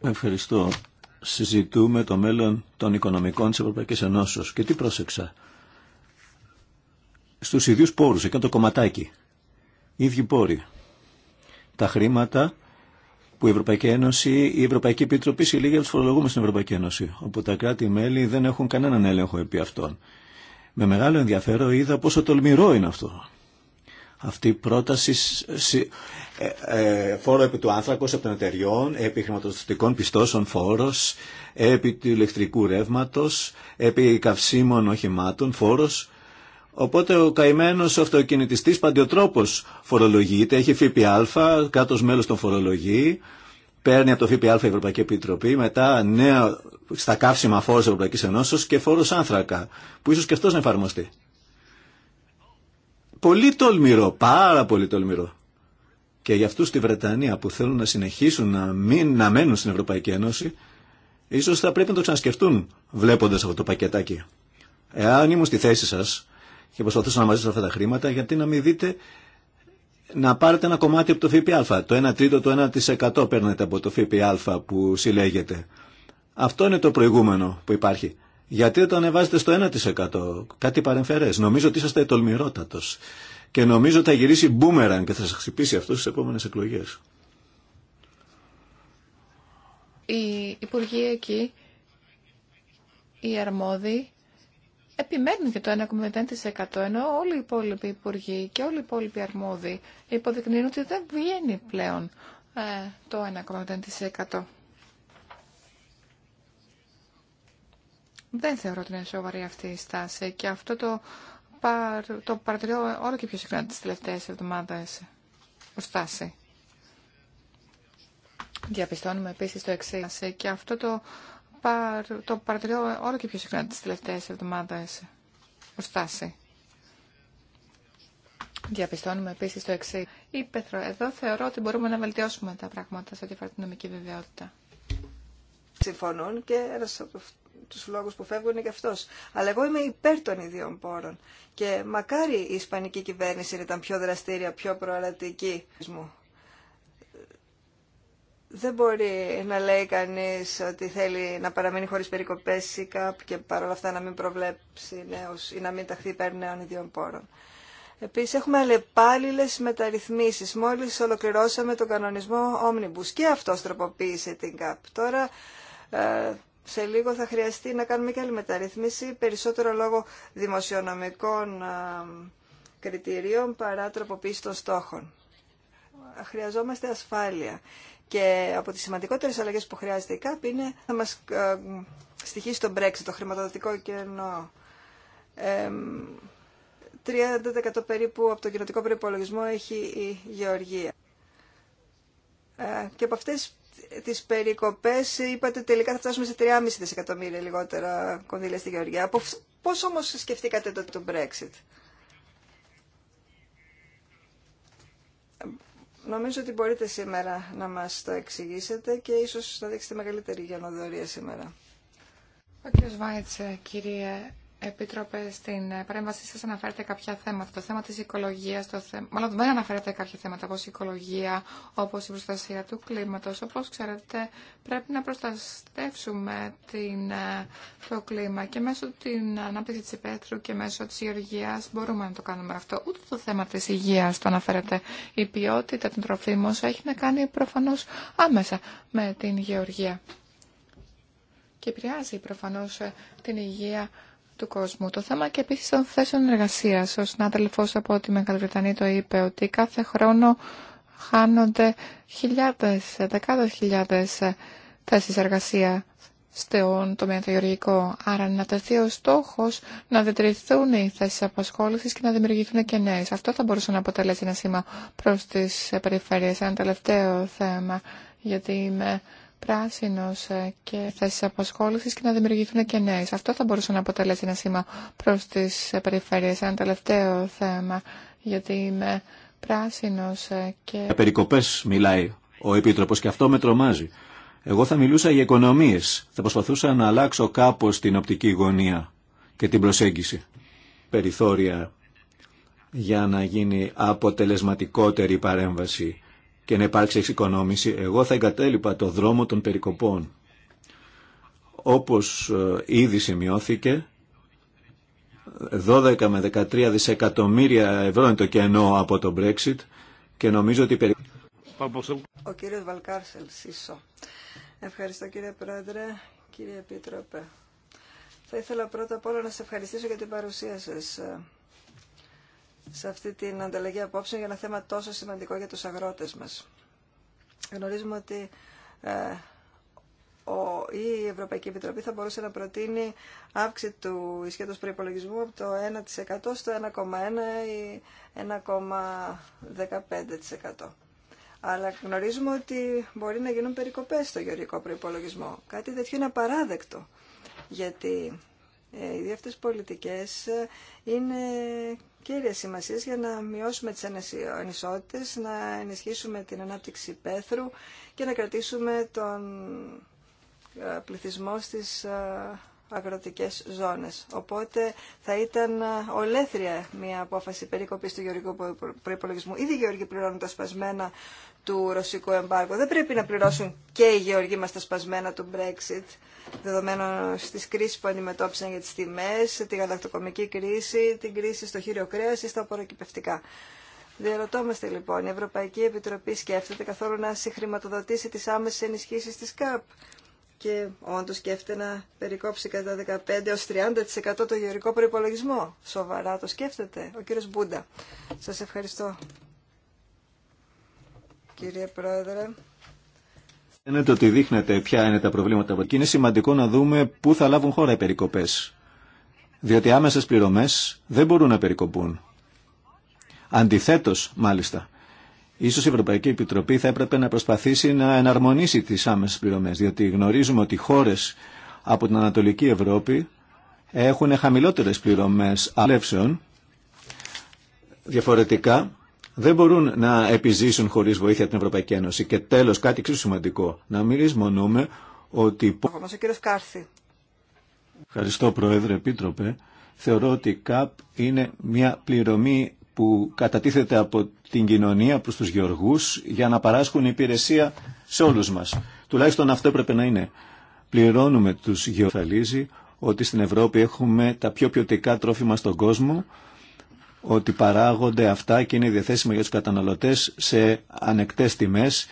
Ευχαριστώ. Συζητούμε το μέλλον των οικονομικών της Ευρωπαϊκής Ενώσεως. Και τι πρόσεξα. Στους ίδιους πόρους, εκεί το κομματάκι. Ίδιοι πόροι. Τα χρήματα που η Ευρωπαϊκή Ένωση, η Ευρωπαϊκή Επιτροπή συλλήγει από του φορολογούμε στην Ευρωπαϊκή Ένωση, όπου τα κράτη-μέλη δεν έχουν κανέναν έλεγχο επί αυτών. Με μεγάλο ενδιαφέρον είδα πόσο τολμηρό είναι αυτό. Αυτή η πρόταση ε, ε, φόρο επί του άνθρακος επί των εταιριών, επί χρηματοδοτικών πιστώσεων φόρος, επί του ηλεκτρικού ρεύματος, επί καυσίμων οχημάτων φόρος, Οπότε ο καημένο αυτοκινητιστή παντιοτρόπω φορολογείται, έχει ΦΠΑ, κάτω μέλο τον φορολογεί, παίρνει από το ΦΠΑ η Ευρωπαϊκή Επιτροπή, μετά νέα στα καύσιμα φόρο Ευρωπαϊκή Ενώσεω και φόρο άνθρακα, που ίσω και αυτό να εφαρμοστεί. Πολύ τολμηρό, πάρα πολύ τολμηρό. Και για αυτού στη Βρετανία που θέλουν να συνεχίσουν να, μην, να μένουν στην Ευρωπαϊκή Ένωση, ίσω θα πρέπει να το ξανασκεφτούν βλέποντα αυτό το πακετάκι. Εάν ήμουν στη θέση σας, και προσπαθούσα να μαζίσω αυτά τα χρήματα, γιατί να μην δείτε να πάρετε ένα κομμάτι από το ΦΠΑ. Το 1 τρίτο, το 1% παίρνετε από το ΦΠΑ που συλλέγεται. Αυτό είναι το προηγούμενο που υπάρχει. Γιατί δεν το ανεβάζετε στο 1% κάτι παρεμφερέ. Νομίζω ότι είσαστε τολμηρότατο. Και νομίζω ότι θα γυρίσει μπούμεραν και θα σα χτυπήσει αυτό στι επόμενε εκλογέ. Οι υπουργοί εκεί, οι αρμόδιοι, επιμένουν και το 1,0% ενώ όλοι οι υπόλοιποι υπουργοί και όλοι οι υπόλοιποι αρμόδιοι υποδεικνύουν ότι δεν βγαίνει πλέον ε, το 1,0%. Δεν θεωρώ ότι είναι σοβαρή αυτή η στάση και αυτό το, παρ, το παρατηρώ όλο και πιο συχνά τις τελευταίες εβδομάδες ως στάση. Διαπιστώνουμε επίσης το εξή και αυτό το το παρατηρώ όλο και πιο συχνά τις τελευταίες εβδομάδες ως τάση. Διαπιστώνουμε επίσης το εξή. Η εδώ θεωρώ ότι μπορούμε να βελτιώσουμε τα πράγματα σε ό,τι αφορά την νομική βεβαιότητα. Συμφωνούν και ένα από τους λόγους που φεύγουν είναι και αυτό. Αλλά εγώ είμαι υπέρ των ιδιών πόρων. Και μακάρι η Ισπανική κυβέρνηση ήταν πιο δραστήρια, πιο προαρατική δεν μπορεί να λέει κανείς ότι θέλει να παραμείνει χωρίς περικοπές ή κάπ και παρόλα αυτά να μην προβλέψει νέου ή να μην ταχθεί υπέρ νέων ιδιών πόρων. Επίσης έχουμε αλλεπάλληλες μεταρρυθμίσεις. Μόλις ολοκληρώσαμε τον κανονισμό Omnibus και αυτό τροποποίησε την ΚΑΠ. Τώρα ε, σε λίγο θα χρειαστεί να κάνουμε και άλλη μεταρρύθμιση, περισσότερο λόγω δημοσιονομικών ε, κριτηρίων παρά τροποποίηση των στόχων. Χρειαζόμαστε ασφάλεια και από τις σημαντικότερες αλλαγές που χρειάζεται η ΚΑΠ είναι να μας ε, στοιχίσει το Brexit, το χρηματοδοτικό κενό. 30% περίπου από τον κοινοτικό προϋπολογισμό έχει η Γεωργία. Ε, και από αυτές τις περικοπές είπατε τελικά θα φτάσουμε σε 3,5 δισεκατομμύρια λιγότερα κονδύλια στη Γεωργία. Πώς όμως σκεφτήκατε το, το Brexit. Νομίζω ότι μπορείτε σήμερα να μας το εξηγήσετε και ίσως να δείξετε μεγαλύτερη γενοδορία σήμερα. Ο Βάιτσε, κύριε Επίτροπε, στην ε, παρέμβασή σα αναφέρετε κάποια θέματα. Το θέμα τη οικολογία, το μάλλον δεν αναφέρετε κάποια θέματα όπω η οικολογία, όπω η προστασία του κλίματο. Όπω ξέρετε, πρέπει να προστατεύσουμε την, ε, το κλίμα και μέσω την ανάπτυξη τη υπαίθρου και μέσω τη γεωργίας μπορούμε να το κάνουμε αυτό. Ούτε το θέμα τη υγεία το αναφέρετε. Η ποιότητα των τροφίμων έχει να κάνει προφανώ άμεσα με την γεωργία. Και επηρεάζει προφανώ ε, την υγεία του κόσμου. Το θέμα και επίση των θέσεων εργασία. Ο συνάδελφο από τη Μεγάλη Βρετανία το είπε ότι κάθε χρόνο χάνονται χιλιάδε δεκάδε. χιλιάδες θέσει εργασία στον τομέα του Άρα να τεθεί ο στόχο να διατηρηθούν οι θέσει απασχόληση και να δημιουργηθούν και νέε. Αυτό θα μπορούσε να αποτελέσει ένα σήμα προ τι περιφερειε. Ένα τελευταίο θέμα, γιατί είμαι πράσινος ε, και θέσεις απασχόλησης και να δημιουργηθούν και νέες. Αυτό θα μπορούσε να αποτελέσει ένα σήμα προς τις ε, περιφέρειες. Ένα τελευταίο θέμα, γιατί είμαι πράσινος ε, και... Για περικοπές μιλάει ο Επίτροπος και αυτό με τρομάζει. Εγώ θα μιλούσα για οικονομίες. Θα προσπαθούσα να αλλάξω κάπως την οπτική γωνία και την προσέγγιση. Περιθώρια για να γίνει αποτελεσματικότερη παρέμβαση και να υπάρξει εξοικονόμηση, εγώ θα εγκατέλειπα το δρόμο των περικοπών. Όπως ε, ήδη σημειώθηκε, 12 με 13 δισεκατομμύρια ευρώ είναι το κενό από το Brexit και νομίζω ότι... Ο κύριος Βαλκάρσελ, Σίσο. Ευχαριστώ κύριε Πρόεδρε, κύριε Επίτροπε. Θα ήθελα πρώτα απ' όλα να σε ευχαριστήσω για την παρουσία σας ε, σε αυτή την ανταλλαγή απόψε για ένα θέμα τόσο σημαντικό για τους αγρότες μας. Γνωρίζουμε ότι ε, η Ευρωπαϊκή Επιτροπή θα μπορούσε να προτείνει αύξηση του ισχύτος προϋπολογισμού από το 1% στο 1,1 ή 1,15%. Αλλά γνωρίζουμε ότι μπορεί να γίνουν περικοπές στο γεωργικό προϋπολογισμό. Κάτι τέτοιο είναι απαράδεκτο, γιατί ε, οι δύο πολιτικές ε, είναι κύριες σημασία για να μειώσουμε τις ανισότητες, να ενισχύσουμε την ανάπτυξη πέθρου και να κρατήσουμε τον ε, πληθυσμό στις ε, αγροτικές ζώνες. Οπότε θα ήταν ολέθρια μια απόφαση περίκοπης του γεωργικού προϋπολογισμού. Ήδη οι γεωργοί πληρώνουν τα σπασμένα του ρωσικού εμπάργου. Δεν πρέπει να πληρώσουν και οι γεωργοί μας τα σπασμένα του Brexit, δεδομένων στις κρίσεις που αντιμετώπισαν για τις τιμές, τη γαλακτοκομική κρίση, την κρίση στο χείριο κρέας ή στα απορροκυπευτικά. Διαρωτόμαστε λοιπόν, η Ευρωπαϊκή Επιτροπή σκέφτεται καθόλου να συγχρηματοδοτήσει τις άμεσες ενισχύσεις της ΚΑΠ και όντως σκέφτεται να περικόψει κατά 15 έως 30% το γεωρικό προϋπολογισμό. Σοβαρά το σκέφτεται ο κύριος Μπούντα. Σας ευχαριστώ. Κύριε Πρόεδρε. Φαίνεται ότι δείχνεται ποια είναι τα προβλήματα. Και είναι σημαντικό να δούμε πού θα λάβουν χώρα οι περικοπές. Διότι άμεσες πληρωμές δεν μπορούν να περικοπούν. Αντιθέτως, μάλιστα, Ίσως η Ευρωπαϊκή Επιτροπή θα έπρεπε να προσπαθήσει να εναρμονίσει τις άμεσες πληρωμές, διότι γνωρίζουμε ότι χώρες από την Ανατολική Ευρώπη έχουν χαμηλότερες πληρωμές αλεύσεων. Διαφορετικά δεν μπορούν να επιζήσουν χωρίς βοήθεια την Ευρωπαϊκή Ένωση. Και τέλος κάτι εξίσου σημαντικό, να μην ότι... Ευχαριστώ Πρόεδρε Επίτροπε. Θεωρώ ότι η ΚΑΠ είναι μια πληρωμή που κατατίθεται από την κοινωνία προς τους γεωργούς για να παράσχουν υπηρεσία σε όλους μας. Τουλάχιστον αυτό έπρεπε να είναι. Πληρώνουμε τους γεωργούς ότι στην Ευρώπη έχουμε τα πιο ποιοτικά τρόφιμα στον κόσμο, ότι παράγονται αυτά και είναι διαθέσιμα για τους καταναλωτές σε ανεκτές τιμές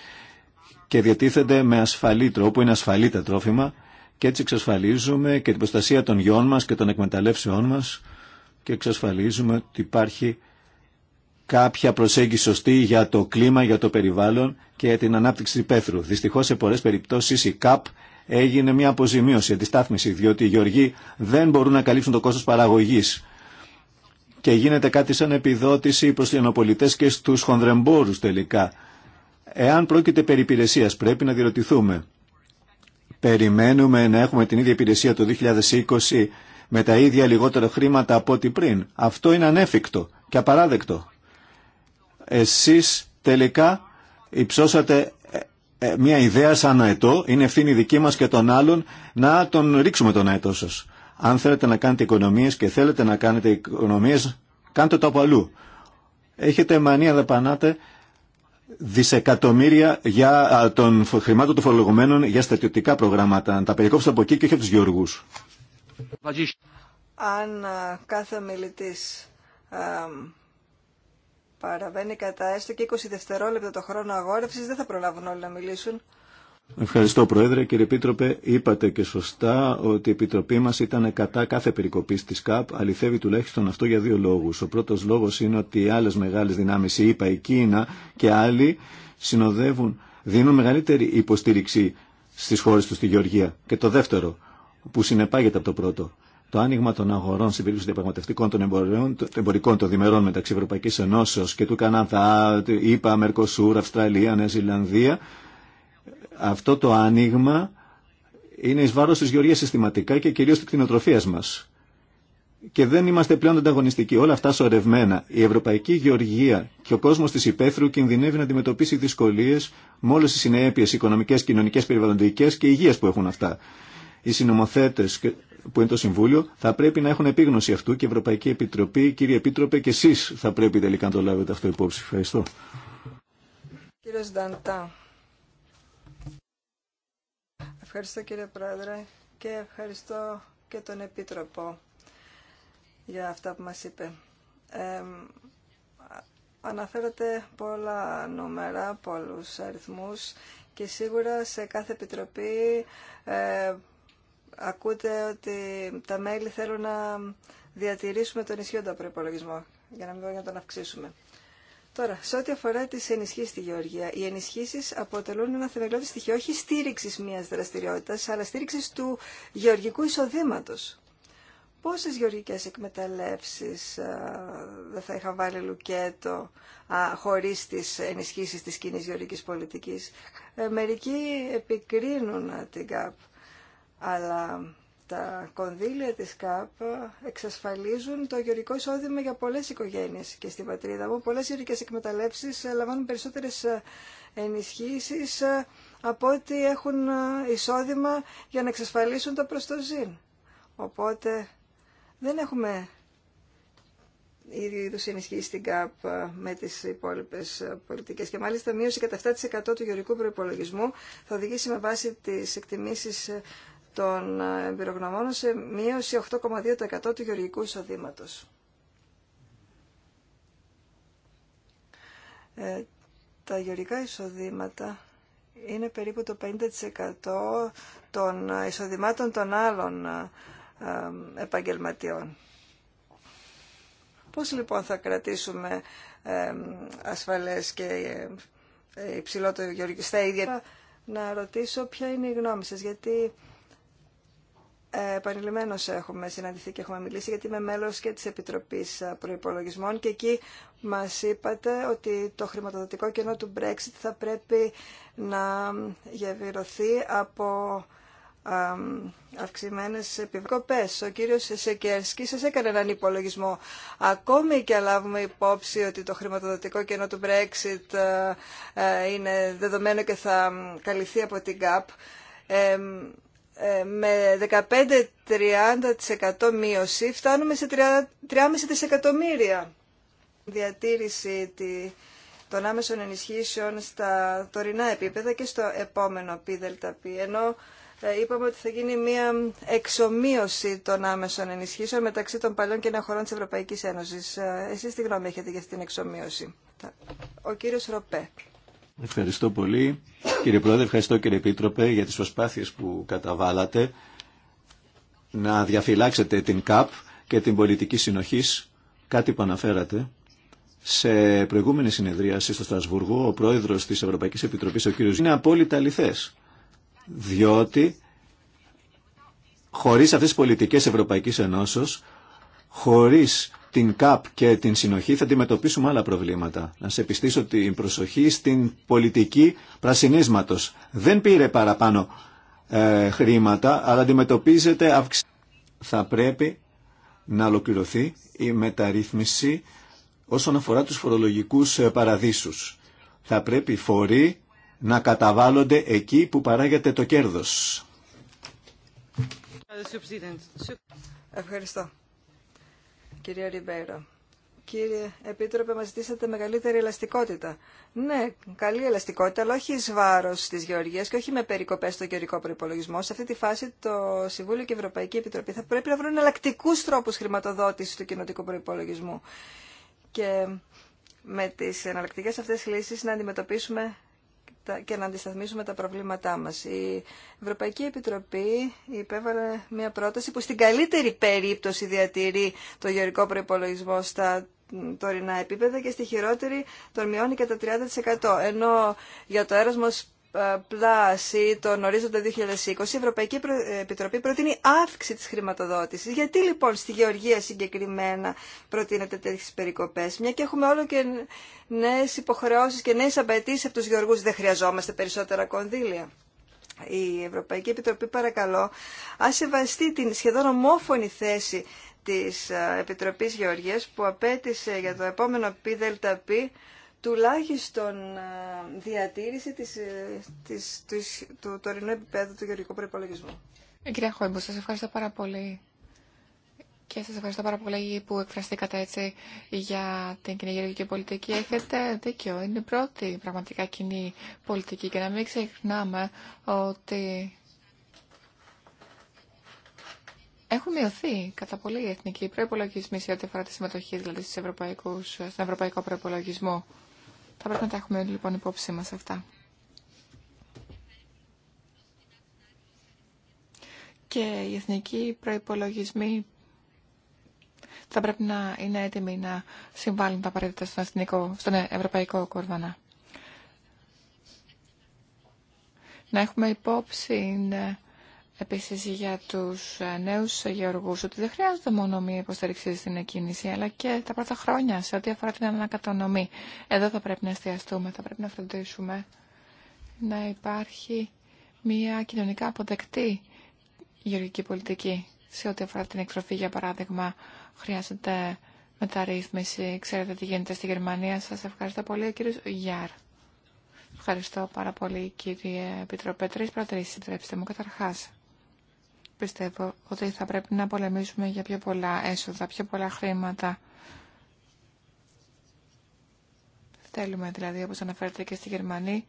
και διατίθενται με ασφαλή τρόπο, είναι ασφαλή τα τρόφιμα και έτσι εξασφαλίζουμε και την προστασία των γιών μας και των εκμεταλλεύσεών μας και εξασφαλίζουμε ότι υπάρχει κάποια προσέγγιση σωστή για το κλίμα, για το περιβάλλον και την ανάπτυξη του πέθρου. Δυστυχώς σε πολλές περιπτώσεις η ΚΑΠ έγινε μια αποζημίωση, αντιστάθμιση, διότι οι γεωργοί δεν μπορούν να καλύψουν το κόστος παραγωγής και γίνεται κάτι σαν επιδότηση προς τους και στους χονδρεμπόρους τελικά. Εάν πρόκειται περί υπηρεσίας, πρέπει να διερωτηθούμε. Περιμένουμε να έχουμε την ίδια υπηρεσία το 2020 με τα ίδια λιγότερα χρήματα από ό,τι πριν. Αυτό είναι ανέφικτο και απαράδεκτο εσείς τελικά υψώσατε ε, ε, μια ιδέα σαν αετό, είναι ευθύνη δική μας και των άλλων να τον ρίξουμε τον αετό σας. Αν θέλετε να κάνετε οικονομίες και θέλετε να κάνετε οικονομίες, κάντε το από αλλού. Έχετε μανία πανάτε δισεκατομμύρια για τον χρημάτων των φορολογουμένων για στρατιωτικά προγράμματα. Να τα περικόψετε από εκεί και όχι από τους γεωργούς. Αν κάθε μιλητής παραβαίνει κατά έστω και 20 δευτερόλεπτα το χρόνο αγόρευσης, δεν θα προλάβουν όλοι να μιλήσουν. Ευχαριστώ Πρόεδρε. Κύριε Επίτροπε, είπατε και σωστά ότι η Επιτροπή μας ήταν κατά κάθε περικοπής της ΚΑΠ. Αληθεύει τουλάχιστον αυτό για δύο λόγους. Ο πρώτος λόγος είναι ότι οι άλλες μεγάλες δυνάμεις, η ΕΠΑ, η Κίνα και άλλοι, συνοδεύουν, δίνουν μεγαλύτερη υποστήριξη στις χώρες του στη Γεωργία. Και το δεύτερο, που συνεπάγεται από το πρώτο, το άνοιγμα των αγορών στην περίπτωση των διαπραγματευτικών των, των εμπορικών των διμερών μεταξύ Ευρωπαϊκή Ενώσεω και του Καναδά, ΗΠΑ, Μερκοσούρ, Αυστραλία, Νέα Ζηλανδία, αυτό το άνοιγμα είναι ει βάρο της γεωργίας συστηματικά και κυρίω τη κτηνοτροφίας μα. Και δεν είμαστε πλέον ανταγωνιστικοί. Όλα αυτά σορευμένα. Η ευρωπαϊκή γεωργία και ο κόσμο τη υπαίθρου κινδυνεύει να αντιμετωπίσει δυσκολίε με όλε τι συνέπειε οικονομικέ, κοινωνικέ, περιβαλλοντικέ και υγεία που έχουν αυτά. Οι συνομοθέτε που είναι το Συμβούλιο, θα πρέπει να έχουν επίγνωση αυτού και η Ευρωπαϊκή Επιτροπή, κύριε Επίτροπε, και εσεί θα πρέπει τελικά να το λάβετε αυτό υπόψη. Ευχαριστώ. Κύριος Νταντά. Ευχαριστώ κύριε Πρόεδρε και ευχαριστώ και τον Επίτροπο για αυτά που μας είπε. Ε, αναφέρατε πολλά νούμερα, πολλούς αριθμούς και σίγουρα σε κάθε επιτροπή ε, ακούτε ότι τα μέλη θέλουν να διατηρήσουμε τον ισχύοντα προπολογισμό για να μην να τον αυξήσουμε. Τώρα, σε ό,τι αφορά τι ενισχύσει στη Γεωργία, οι ενισχύσει αποτελούν ένα θεμελιώδη στοιχείο όχι στήριξη μια δραστηριότητα, αλλά στήριξη του γεωργικού εισοδήματο. Πόσε γεωργικέ εκμεταλλεύσεις δεν θα είχα βάλει λουκέτο χωρί τι ενισχύσει τη κοινή γεωργική πολιτική, Ε, μερικοί επικρίνουν την ΚΑΠ. Αλλά τα κονδύλια της ΚΑΠ εξασφαλίζουν το γεωρικό εισόδημα για πολλές οικογένειες και στην πατρίδα μου. Πολλές γεωρικές εκμεταλλεύσεις ε, λαμβάνουν περισσότερες ε, ενισχύσεις ε, από ότι έχουν εισόδημα για να εξασφαλίσουν το προστοζήν. Οπότε δεν έχουμε ίδιου είδους ενισχύσει στην ΚΑΠ με τις υπόλοιπες πολιτικές. Και μάλιστα μείωση κατά 7% του γεωρικού προϋπολογισμού θα οδηγήσει με βάση τις εκτιμήσεις των εμπειρογνωμών σε μείωση 8,2% του γεωργικού εισοδήματο. Ε, τα γεωργικά εισοδήματα είναι περίπου το 50% των εισοδημάτων των άλλων ε, επαγγελματιών. Πώς λοιπόν θα κρατήσουμε ε, ασφαλές και υψηλό το γεωργικό στα ίδια. Να ρωτήσω ποια είναι η γνώμη σας, γιατί ε, επανειλημμένω έχουμε συναντηθεί και έχουμε μιλήσει, γιατί είμαι μέλο και τη Επιτροπή ε, Προπολογισμών και εκεί μα είπατε ότι το χρηματοδοτικό κενό του Brexit θα πρέπει να γεβηρωθεί από αυξημένε επιβροκοπέ. Ο κύριο Σεκέρσκι σα έκανε έναν υπολογισμό. Ακόμη και λάβουμε υπόψη ότι το χρηματοδοτικό κενό του Brexit ε, είναι δεδομένο και θα καλυφθεί από την ΚΑΠ με 15-30% μείωση φτάνουμε σε 3,5 δισεκατομμύρια διατήρηση των άμεσων ενισχύσεων στα τωρινά επίπεδα και στο επόμενο ΠΔΠ. Ενώ ε, είπαμε ότι θα γίνει μια εξομοίωση των άμεσων ενισχύσεων μεταξύ των παλιών και νέων χωρών της Ευρωπαϊκής Ένωσης. Ε, εσείς τι γνώμη έχετε για αυτήν την εξομοίωση. Ο κύριος Ροπέ. Ευχαριστώ πολύ. Κύριε Πρόεδρε, ευχαριστώ κύριε Επίτροπε για τις προσπάθειες που καταβάλατε να διαφυλάξετε την ΚΑΠ και την πολιτική συνοχής, κάτι που αναφέρατε. Σε προηγούμενη συνεδρίαση στο Στρασβουργό, ο πρόεδρος της Ευρωπαϊκής Επιτροπής, ο κύριος είναι απόλυτα αληθές, διότι χωρίς αυτές τις πολιτικές Ευρωπαϊκής Ενώσεως, χωρίς την ΚΑΠ και την συνοχή θα αντιμετωπίσουμε άλλα προβλήματα. Να σε πιστήσω η προσοχή στην πολιτική πρασινίσματος. Δεν πήρε παραπάνω ε, χρήματα, αλλά αντιμετωπίζεται αυξη... Θα πρέπει να ολοκληρωθεί η μεταρρύθμιση όσον αφορά τους φορολογικούς ε, παραδείσους. Θα πρέπει οι φορεί να καταβάλλονται εκεί που παράγεται το κέρδος. Ευχαριστώ κυρία Ριμπέρο, Κύριε Επίτροπε, μας ζητήσατε μεγαλύτερη ελαστικότητα. Ναι, καλή ελαστικότητα, αλλά όχι ει βάρος τη γεωργία και όχι με περικοπές στο γεωργικό προπολογισμό. Σε αυτή τη φάση το Συμβούλιο και η Ευρωπαϊκή Επιτροπή θα πρέπει να βρουν εναλλακτικού τρόπους χρηματοδότησης του κοινοτικού προπολογισμού. Και με τι εναλλακτικέ αυτέ λύσει να αντιμετωπίσουμε και να αντισταθμίσουμε τα προβλήματά μας. Η Ευρωπαϊκή Επιτροπή υπέβαλε μια πρόταση που στην καλύτερη περίπτωση διατηρεί το γεωρικό προϋπολογισμό στα τωρινά επίπεδα και στη χειρότερη τον μειώνει κατά 30%. Ενώ για το έρασμο. Plus ε, ή τον ορίζοντα 2020, η Ευρωπαϊκή Επιτροπή προτείνει αύξηση της χρηματοδότησης. Γιατί λοιπόν στη Γεωργία συγκεκριμένα προτείνεται τέτοιες περικοπές, μια και έχουμε όλο και νέες υποχρεώσεις και νέες απαιτήσεις από τους γεωργούς, δεν χρειαζόμαστε περισσότερα κονδύλια. Η Ευρωπαϊκή Επιτροπή παρακαλώ ας σεβαστεί την σχεδόν ομόφωνη θέση της ε, Επιτροπής Γεωργίας που απέτησε για το επόμενο ΠΔΠ τουλάχιστον ε, διατήρηση της, ε, της, της του τωρινού επίπεδου του γεωργικού προπολογισμού. Ε, κυρία Χόιμπου, σας ευχαριστώ πάρα πολύ. Και σας ευχαριστώ πάρα πολύ που εκφραστήκατε έτσι για την κοινή γεωργική πολιτική. Έχετε δίκιο. Είναι η πρώτη πραγματικά κοινή πολιτική. Και να μην ξεχνάμε ότι έχουν μειωθεί κατά πολύ οι εθνικοί προπολογισμοί σε ό,τι αφορά τη συμμετοχή δηλαδή ευρωπαϊκούς, στον ευρωπαϊκό προπολογισμό. Θα πρέπει να τα έχουμε λοιπόν υπόψη μας αυτά. Και οι εθνικοί προϋπολογισμοί θα πρέπει να είναι έτοιμοι να συμβάλλουν τα απαραίτητα στον, εθνικό, στον ευρωπαϊκό κορβανά. Να έχουμε υπόψη ναι, επίσης για τους ε, νέους γεωργούς ότι δεν χρειάζεται μόνο μία υποστήριξη στην εκκίνηση αλλά και τα πρώτα χρόνια σε ό,τι αφορά την ανακατονομή. Εδώ θα πρέπει να εστιαστούμε, θα πρέπει να φροντίσουμε να υπάρχει μία κοινωνικά αποδεκτή γεωργική πολιτική σε ό,τι αφορά την εκτροφή για παράδειγμα χρειάζεται μεταρρύθμιση. Ξέρετε τι γίνεται στη Γερμανία. Σας ευχαριστώ πολύ, ο κύριος Γιάρ. Ευχαριστώ πάρα πολύ, κύριε Πίτρο Τρεις μου. Καταρχάς, πιστεύω ότι θα πρέπει να πολεμήσουμε για πιο πολλά έσοδα, πιο πολλά χρήματα. Θέλουμε δηλαδή, όπως αναφέρεται και στη Γερμανία,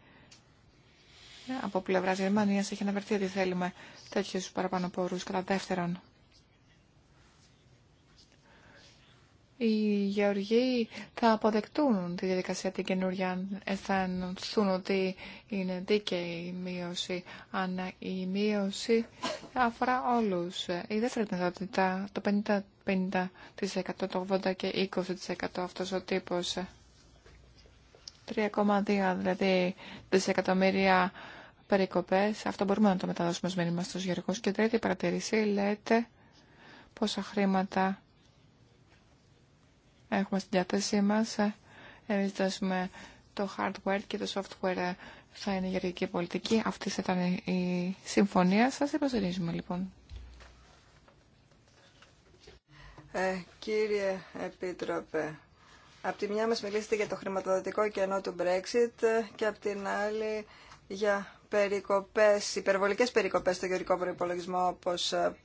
από πλευράς Γερμανίας έχει αναφερθεί ότι θέλουμε τέτοιους παραπάνω πορούς Κατά δεύτερον, οι γεωργοί θα αποδεκτούν τη διαδικασία την καινούργια αν αισθανθούν ότι είναι δίκαιη η μείωση. Αν η μείωση αφορά όλους. Η δεύτερη δυνατότητα, το 50-50%, το 80% και 20% αυτός ο τύπος. 3,2 δηλαδή δισεκατομμύρια περικοπές. Αυτό μπορούμε να το μεταδώσουμε ως μήνυμα στους γεωργούς. Και τρίτη παρατηρήση λέτε πόσα χρήματα έχουμε στην διάθεσή μας. Εμείς δώσουμε το hardware και το software θα είναι γεωργική πολιτική. Αυτή ήταν η συμφωνία. Σας υποστηρίζουμε λοιπόν. Ε, κύριε Επίτροπε, από τη μια μας μιλήσετε για το χρηματοδοτικό κενό του Brexit και από την άλλη για περικοπές, υπερβολικές περικοπές στο γεωρικό προϋπολογισμό όπως ε,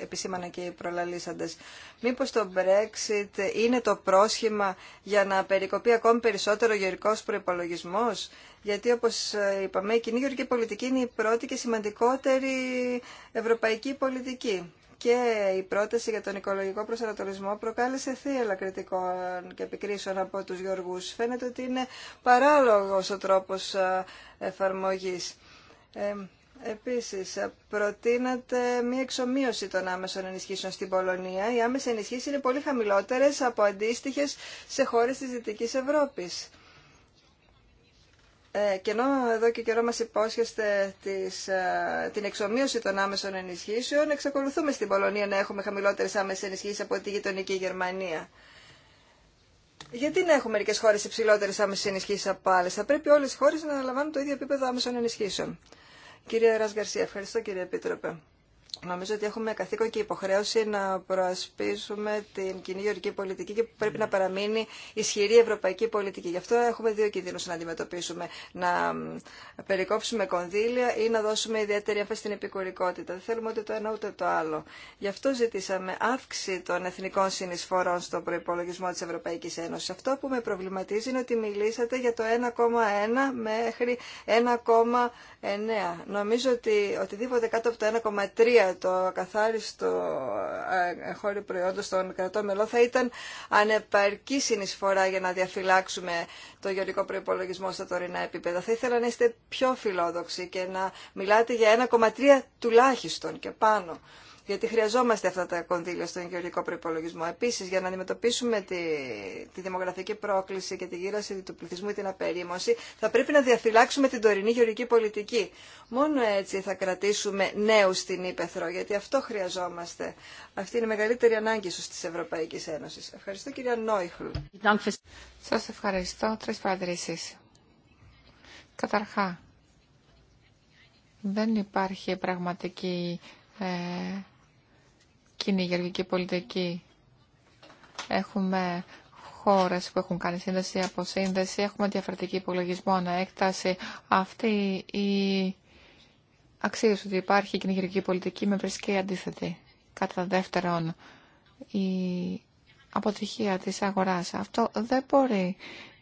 επισήμανα και οι προλαλήσαντες. Μήπως το Brexit είναι το πρόσχημα για να περικοπεί ακόμη περισσότερο ο γεωρικός προϋπολογισμός γιατί όπως ε, είπαμε η κοινή γεωρική πολιτική είναι η πρώτη και σημαντικότερη ευρωπαϊκή πολιτική και η πρόταση για τον οικολογικό προσανατολισμό προκάλεσε θύελα κριτικών και επικρίσεων από τους γεωργούς. Φαίνεται ότι είναι παράλογος ο τρόπος εφαρμογής. Ε, επίσης, προτείνατε μία εξομοίωση των άμεσων ενισχύσεων στην Πολωνία. Οι άμεσες ενισχύσεις είναι πολύ χαμηλότερες από αντίστοιχες σε χώρες της Δυτικής Ευρώπης. Ε, και ενώ εδώ και καιρό μας υπόσχεστε τις, ε, την εξομοίωση των άμεσων ενισχύσεων, εξακολουθούμε στην Πολωνία να έχουμε χαμηλότερες άμεσες ενισχύσεις από τη γειτονική Γερμανία. Γιατί να έχουμε μερικέ χώρε υψηλότερε άμεσε ενισχύσει από άλλε. Θα πρέπει όλε οι χώρε να αναλαμβάνουν το ίδιο επίπεδο άμεσων ενισχύσεων. Κυρία Ρας ευχαριστώ κύριε Επίτροπε. Νομίζω ότι έχουμε καθήκον και υποχρέωση να προασπίσουμε την κοινή γεωργική πολιτική και πρέπει να παραμείνει ισχυρή ευρωπαϊκή πολιτική. Γι' αυτό έχουμε δύο κινδύνους να αντιμετωπίσουμε. Να περικόψουμε κονδύλια ή να δώσουμε ιδιαίτερη έμφαση στην επικουρικότητα. Δεν θέλουμε ούτε το ένα ούτε το άλλο. Γι' αυτό ζητήσαμε αύξηση των εθνικών συνεισφορών στον προπολογισμό τη Ευρωπαϊκή Ένωση. Αυτό που με προβληματίζει είναι ότι μιλήσατε για το 1,1 μέχρι 9. Νομίζω ότι οτιδήποτε κάτω από το 1,3 το ακαθάριστο ε, χώρο προϊόντος των κρατών μελών θα ήταν ανεπαρκή συνεισφορά για να διαφυλάξουμε το γεωργικό προϋπολογισμό στα τωρινά επίπεδα. Θα ήθελα να είστε πιο φιλόδοξοι και να μιλάτε για 1,3 τουλάχιστον και πάνω γιατί χρειαζόμαστε αυτά τα κονδύλια στον γεωργικό προπολογισμό. Επίση, για να αντιμετωπίσουμε τη, τη δημογραφική πρόκληση και τη γύραση του πληθυσμού ή την απερίμωση, θα πρέπει να διαφυλάξουμε την τωρινή γεωργική πολιτική. Μόνο έτσι θα κρατήσουμε νέου στην Ήπεθρο, γιατί αυτό χρειαζόμαστε. Αυτή είναι η μεγαλύτερη ανάγκη ίσω τη Ευρωπαϊκή Ένωση. Ευχαριστώ, κυρία Νόιχλου. Σα ευχαριστώ. Τρει παρατηρήσει. Καταρχά, δεν υπάρχει πραγματική ε, κοινή γεωργική πολιτική. Έχουμε χώρες που έχουν κάνει σύνδεση από σύνδεση, έχουμε διαφορετική υπολογισμό αναέκταση. Αυτή η αξίωση ότι υπάρχει κοινή γεωργική πολιτική με βρίσκει αντίθετη. Κατά δεύτερον, η αποτυχία της αγοράς. Αυτό δεν μπορεί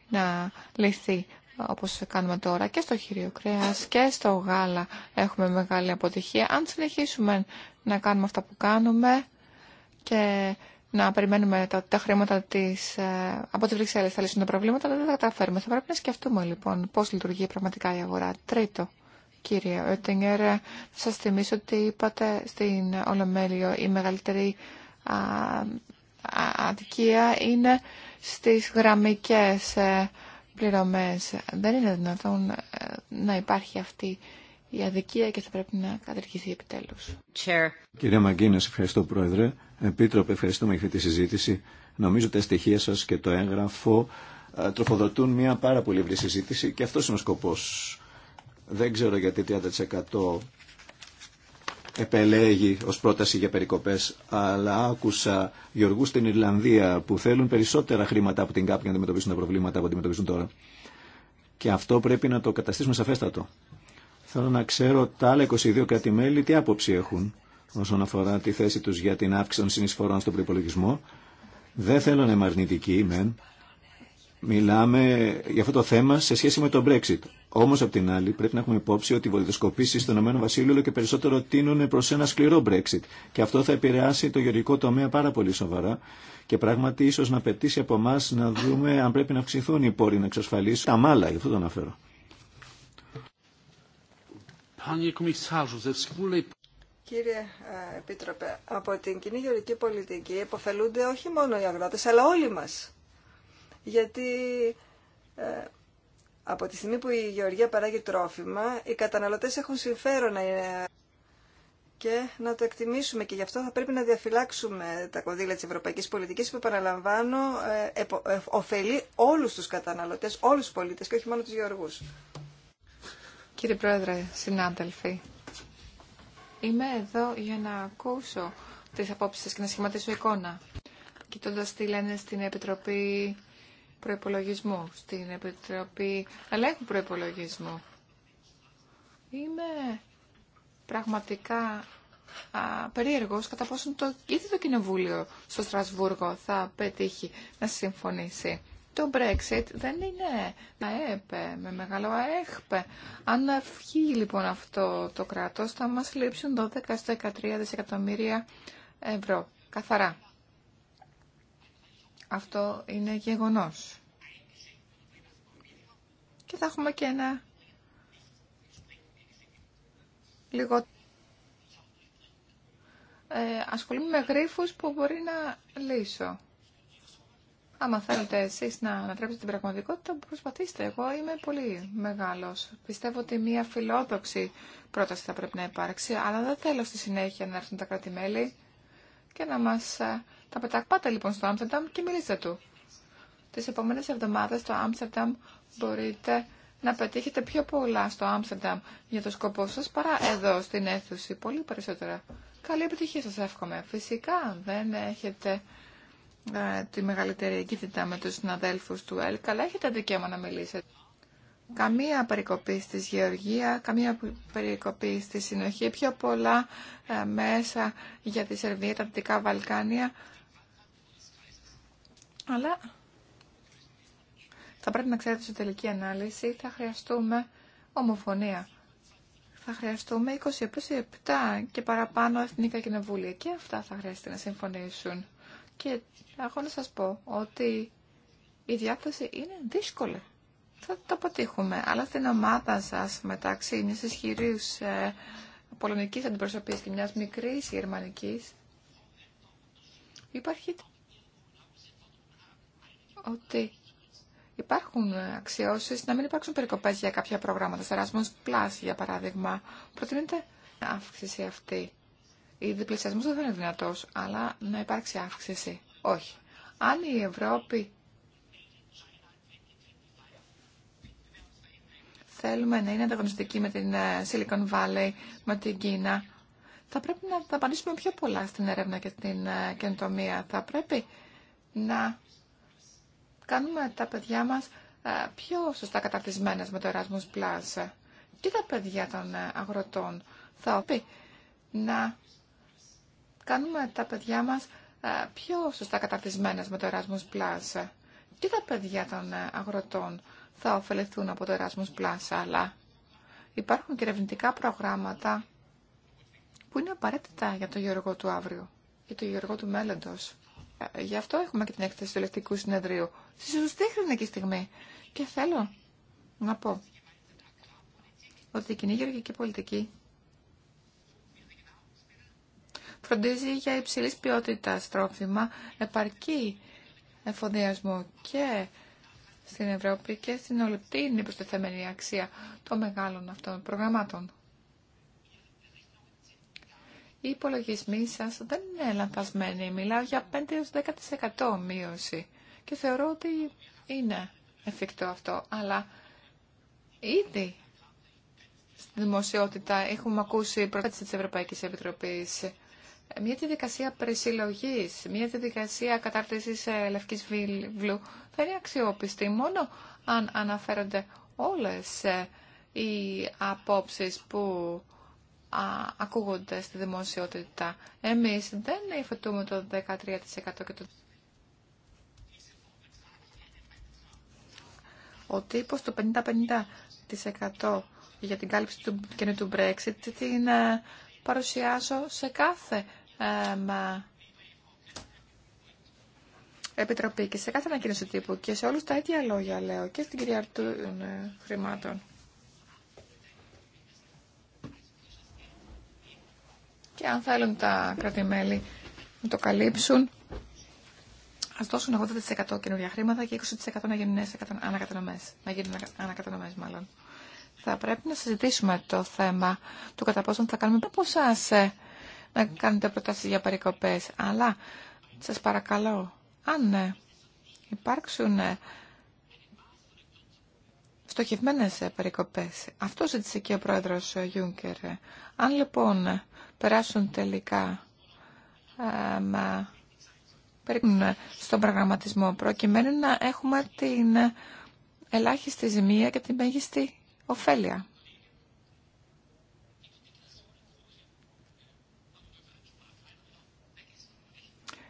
να λυθεί όπως κάνουμε τώρα και στο χειρίο κρέας και στο γάλα έχουμε μεγάλη αποτυχία. Αν συνεχίσουμε να κάνουμε αυτά που κάνουμε και να περιμένουμε τα, χρήματα της, ε, από τις Βρυξέλλες θα λύσουν τα προβλήματα, δεν θα τα καταφέρουμε. Θα πρέπει να σκεφτούμε λοιπόν πώς λειτουργεί πραγματικά η αγορά. Τρίτο, κύριε Ότιγκερ, θα σας θυμίσω ότι είπατε στην Ολομέλιο η μεγαλύτερη α, αδικία είναι στις γραμμικές α, ε, πληρωμές. Δεν είναι δυνατόν ε, να υπάρχει αυτή η αδικία και θα πρέπει να καταργηθεί επιτέλους. Chair. Κύριε Μαγκίνες, ευχαριστώ Πρόεδρε. Επίτροπε, ευχαριστούμε για αυτή τη συζήτηση. Νομίζω τα στοιχεία σας και το έγγραφο ε, τροφοδοτούν μια πάρα πολύ ευρύ συζήτηση και αυτός είναι ο σκοπός. Δεν ξέρω γιατί 30% επελέγει ως πρόταση για περικοπές, αλλά άκουσα γεωργούς στην Ιρλανδία που θέλουν περισσότερα χρήματα από την ΚΑΠ για να αντιμετωπίσουν τα προβλήματα που αντιμετωπίζουν τώρα. Και αυτό πρέπει να το καταστήσουμε σαφέστατο. Θέλω να ξέρω τα άλλα 22 κράτη-μέλη τι άποψη έχουν όσον αφορά τη θέση τους για την αύξηση των συνεισφορών στον προπολογισμό. Δεν θέλω να είμαι αρνητική, μεν. Μιλάμε για αυτό το θέμα σε σχέση με το Brexit. Όμω, απ' την άλλη, πρέπει να έχουμε υπόψη ότι οι βολιδοσκοπήσει στον Ηνωμένο Βασίλειο όλο και περισσότερο τίνουν προ ένα σκληρό Brexit. Και αυτό θα επηρεάσει το γεωργικό τομέα πάρα πολύ σοβαρά. Και πράγματι, ίσω να πετύσει από εμά να δούμε αν πρέπει να αυξηθούν οι πόροι να εξασφαλίσουν τα μάλα, γι' αυτό το αναφέρω. Κύριε ε, Επίτροπε, από την κοινή γεωργική πολιτική υποφελούνται όχι μόνο οι αγρότες, αλλά όλοι μας. Γιατί ε, από τη στιγμή που η γεωργία παράγει τρόφιμα, οι καταναλωτές έχουν συμφέρον να είναι και να το εκτιμήσουμε και γι' αυτό θα πρέπει να διαφυλάξουμε τα κονδύλια της ευρωπαϊκής πολιτικής που επαναλαμβάνω ε, ε ωφελεί όλους τους καταναλωτές, όλους τους πολίτες και όχι μόνο τους γεωργούς. Κύριε Πρόεδρε, συνάδελφοι, είμαι εδώ για να ακούσω τις απόψεις σας και να σχηματίσω εικόνα. Κοιτώντα τι λένε στην Επιτροπή Προϋπολογισμού, στην Επιτροπή Ελέγχου Προϋπολογισμού. Είμαι πραγματικά α, περίεργος κατά πόσον το, ήδη το Κοινοβούλιο στο Στρασβούργο θα πετύχει να συμφωνήσει. Το Brexit δεν είναι να έπε με μεγάλο αέχπε Αν φύγει λοιπόν αυτό το κράτος θα μας λείψουν 12-13 δισεκατομμύρια ευρώ. Καθαρά. Αυτό είναι γεγονός. Και θα έχουμε και ένα λίγο ε, ασχολούμαι με γρίφους που μπορεί να λύσω. Άμα θέλετε εσείς να ανατρέψετε την πραγματικότητα, προσπαθήστε. Εγώ είμαι πολύ μεγάλος. Πιστεύω ότι μια φιλόδοξη πρόταση θα πρέπει να υπάρξει, αλλά δεν θέλω στη συνέχεια να έρθουν τα κράτη-μέλη και να μας ε, τα πετακπάτε λοιπόν στο Άμστερνταμ και μιλήστε του. Τι επόμενε εβδομάδε στο Άμστερνταμ μπορείτε να πετύχετε πιο πολλά στο Άμστερνταμ για το σκοπό σα παρά εδώ στην αίθουση, πολύ περισσότερα. Καλή επιτυχία σα εύχομαι. Φυσικά δεν έχετε ε, τη μεγαλύτερη εγκύτητα με του συναδέλφου του ΕΛΚ, αλλά έχετε δικαίωμα να μιλήσετε. Καμία περικοπή στη γεωργία, καμία περικοπή στη συνοχή, πιο πολλά ε, μέσα για τη Σερβία, τα Δυτικά Βαλκάνια αλλά θα πρέπει να ξέρετε σε τελική ανάλυση θα χρειαστούμε ομοφωνία. Θα χρειαστούμε 27 και παραπάνω εθνικά κοινοβούλια και αυτά θα χρειαστεί να συμφωνήσουν. Και έχω να σας πω ότι η διάθεση είναι δύσκολη. Θα το αποτύχουμε. Αλλά στην ομάδα σας μεταξύ μια ισχυρής ε, πολωνικής αντιπροσωπής και μιας μικρής γερμανικής υπάρχει ότι υπάρχουν αξιώσεις να μην υπάρξουν περικοπές για κάποια προγράμματα. Σε Erasmus Plus, για παράδειγμα, προτείνεται αύξηση αυτή. Η διπλησιασμός δεν θα είναι δυνατό, αλλά να υπάρξει αύξηση. Όχι. Αν η Ευρώπη θέλουμε να είναι ανταγωνιστική με την ε, Silicon Valley, με την Κίνα, θα πρέπει να δαπανίσουμε πιο πολλά στην έρευνα και την ε, καινοτομία. Θα πρέπει να κάνουμε τα παιδιά μας ε, πιο σωστά καταρτισμένες με το Erasmus Plus και τα παιδιά των ε, αγροτών θα πει να κάνουμε τα παιδιά μας ε, πιο σωστά καταρτισμένες με το Erasmus Plus και τα παιδιά των αγροτών θα ωφεληθούν από το Erasmus Plus αλλά υπάρχουν και ερευνητικά προγράμματα που είναι απαραίτητα για το γεωργό του αύριο ή το γεωργό του μέλλοντος. Γι' αυτό έχουμε και την έκθεση του ελεκτικού συνεδρίου. Στη σωστή χρονική στιγμή. Και θέλω να πω ότι η κοινή γεωργική πολιτική φροντίζει για υψηλής ποιότητα στρόφιμα επαρκή εφοδιασμό και στην Ευρώπη και στην όλη την προστεθέμενη αξία των μεγάλων αυτών προγραμμάτων οι υπολογισμοί σας δεν είναι λανθασμένοι. Μιλάω για 5-10% μείωση και θεωρώ ότι είναι εφικτό αυτό. Αλλά ήδη στη δημοσιότητα έχουμε ακούσει πρόταση της Ευρωπαϊκή Επιτροπής μια διαδικασία περισυλλογής, μια διαδικασία κατάρτισης ε, λευκής βίβλου θα είναι αξιόπιστη μόνο αν αναφέρονται όλες ε, οι απόψεις που ακούγονται στη δημοσιότητα. Εμείς δεν υφετούμε το 13% και το... Ο τύπος το 50-50% για την κάλυψη του καινού του Brexit την ε, παρουσιάζω σε κάθε ε, επιτροπή και σε κάθε ανακοίνωση τύπου και σε όλους τα ίδια λόγια λέω και στην κυρία Αρτού ε, χρημάτων. και αν θέλουν τα κράτη-μέλη να το καλύψουν, Α δώσουν 80% καινούργια χρήματα και 20% να γίνουν ανακατανομέ. Να γίνουν ανακατανομέ, μάλλον. Θα πρέπει να συζητήσουμε το θέμα του κατά πόσο θα κάνουμε από εσά ε, να κάνετε προτάσει για περικοπέ. Αλλά σα παρακαλώ, αν ε, υπάρξουν ε, στοχευμένε περικοπέ, αυτό ζήτησε και ο πρόεδρο Γιούγκερ. Αν λοιπόν περάσουν τελικά ε, μα στον πραγματισμό προκειμένου να έχουμε την ελάχιστη ζημία και την μέγιστη ωφέλεια.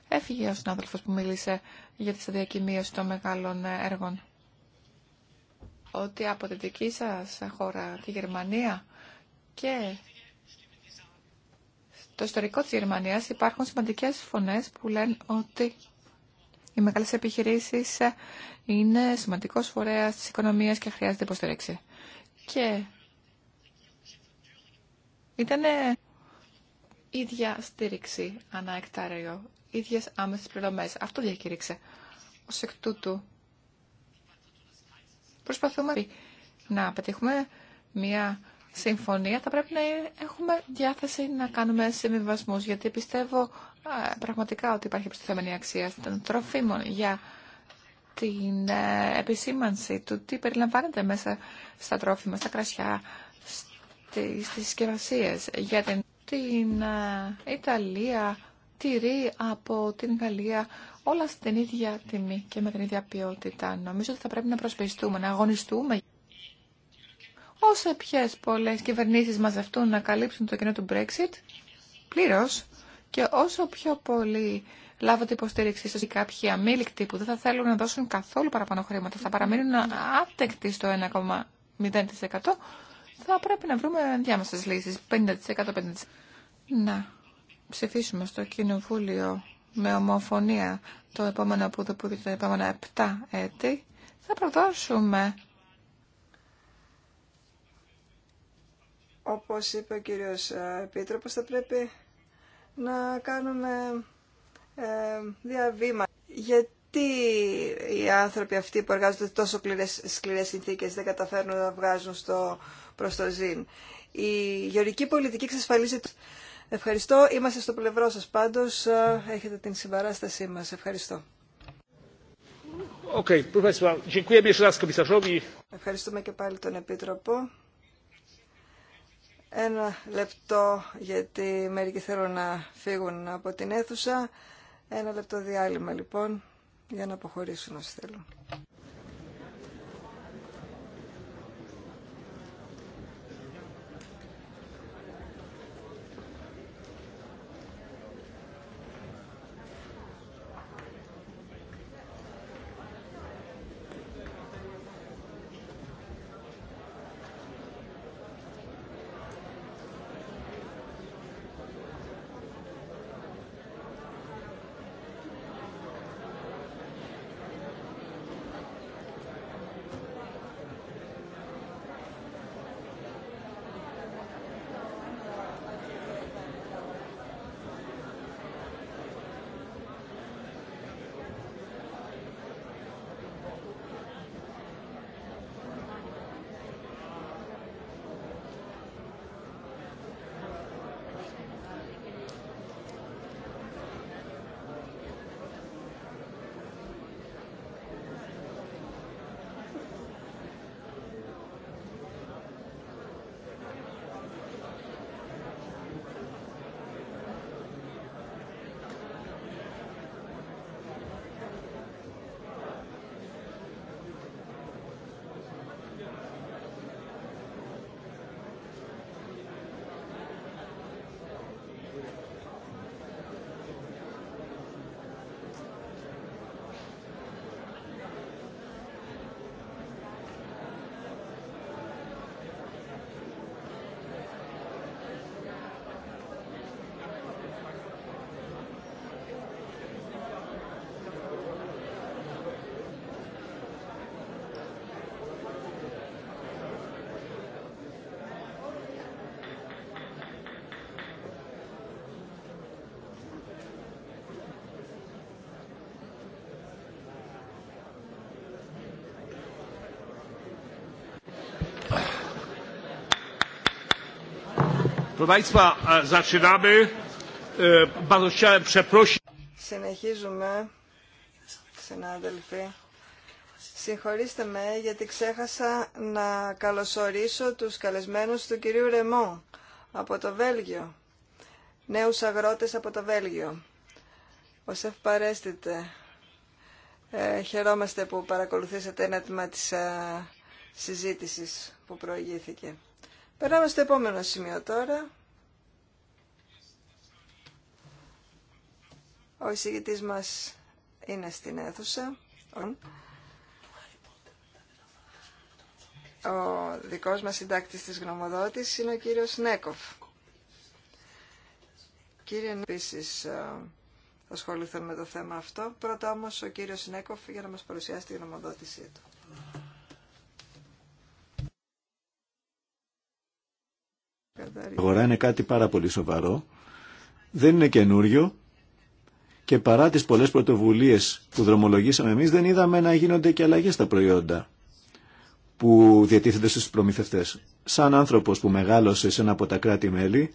Έφυγε ο συνάδελφος που μίλησε για τη σταδιακή μείωση των μεγάλων έργων. Ότι από την δική σας χώρα, τη Γερμανία και το ιστορικό της Γερμανίας υπάρχουν σημαντικές φωνές που λένε ότι οι μεγάλες επιχειρήσεις είναι σημαντικός φορέας της οικονομίας και χρειάζεται υποστήριξη. Και ήταν ίδια στήριξη ανά εκτάριο, ίδιες άμεσες πληρωμές. Αυτό διακήρυξε. Ω εκ τούτου προσπαθούμε να πετύχουμε μια συμφωνία θα πρέπει να έχουμε διάθεση να κάνουμε συμβιβασμούς, γιατί πιστεύω πραγματικά ότι υπάρχει επιστηθέμενη αξία των τροφίμων για την ε, επισήμανση του τι περιλαμβάνεται μέσα στα τρόφιμα, στα κρασιά, στις συσκευασίε για την, την ε, Ιταλία, τυρί από την Γαλλία, όλα στην ίδια τιμή και με την ίδια ποιότητα. Νομίζω ότι θα πρέπει να προσπιστούμε, να αγωνιστούμε. Όσο ποιες πολλέ κυβερνήσει μαζευτούν να καλύψουν το κοινό του Brexit Πλήρω. και όσο πιο πολύ λάβετε υποστήριξη ή κάποιοι αμήλικτοι που δεν θα θέλουν να δώσουν καθόλου παραπάνω χρήματα, θα παραμείνουν άτεκτοι στο 1,0% θα πρέπει να βρούμε διάμεσες λύσεις, 50%, 50%. Να ψηφίσουμε στο Κοινοβούλιο με ομοφωνία το επόμενο που τα επόμενα 7 έτη, θα προδώσουμε Όπως είπε ο κύριος ε, Επίτροπος, θα πρέπει να κάνουμε ε, διαβήμα. Γιατί οι άνθρωποι αυτοί που εργάζονται τόσο σκληρές, σκληρές συνθήκες δεν καταφέρνουν να βγάζουν στο προς το ζήν. Η γεωρική πολιτική εξασφαλίζει... Ευχαριστώ. Είμαστε στο πλευρό σας πάντως. Ε, έχετε την συμπαράστασή μας. Ευχαριστώ. Okay. Ευχαριστούμε και πάλι τον Επίτροπο. Ένα λεπτό γιατί μερικοί θέλουν να φύγουν από την αίθουσα. Ένα λεπτό διάλειμμα λοιπόν για να αποχωρήσουν όσοι θέλουν. E, e, Συνεχίζουμε, συνάδελφοι. Συγχωρήστε με γιατί ξέχασα να καλωσορίσω τους καλεσμένους του κυρίου Ρεμό από το Βέλγιο. Νέους αγρότες από το Βέλγιο. Ο Σεφ ε, χαιρόμαστε που παρακολουθήσατε ένα τμήμα της α, ε, συζήτησης που προηγήθηκε. Περάμε στο επόμενο σημείο τώρα. Ο εισηγητής μας είναι στην αίθουσα. Ο δικός μας συντάκτης της γνωμοδότης είναι ο κύριος Νέκοφ. Κύριε Νέκοφ, επίσης ε, ασχοληθούν με το θέμα αυτό. Πρώτα όμως ο κύριος Νέκοφ για να μας παρουσιάσει τη γνωμοδότησή του. Η αγορά είναι κάτι πάρα πολύ σοβαρό, δεν είναι καινούριο και παρά τις πολλές πρωτοβουλίες που δρομολογήσαμε εμείς δεν είδαμε να γίνονται και αλλαγές στα προϊόντα που διατίθεται στους προμηθευτές. Σαν άνθρωπος που μεγάλωσε σε ένα από τα κράτη-μέλη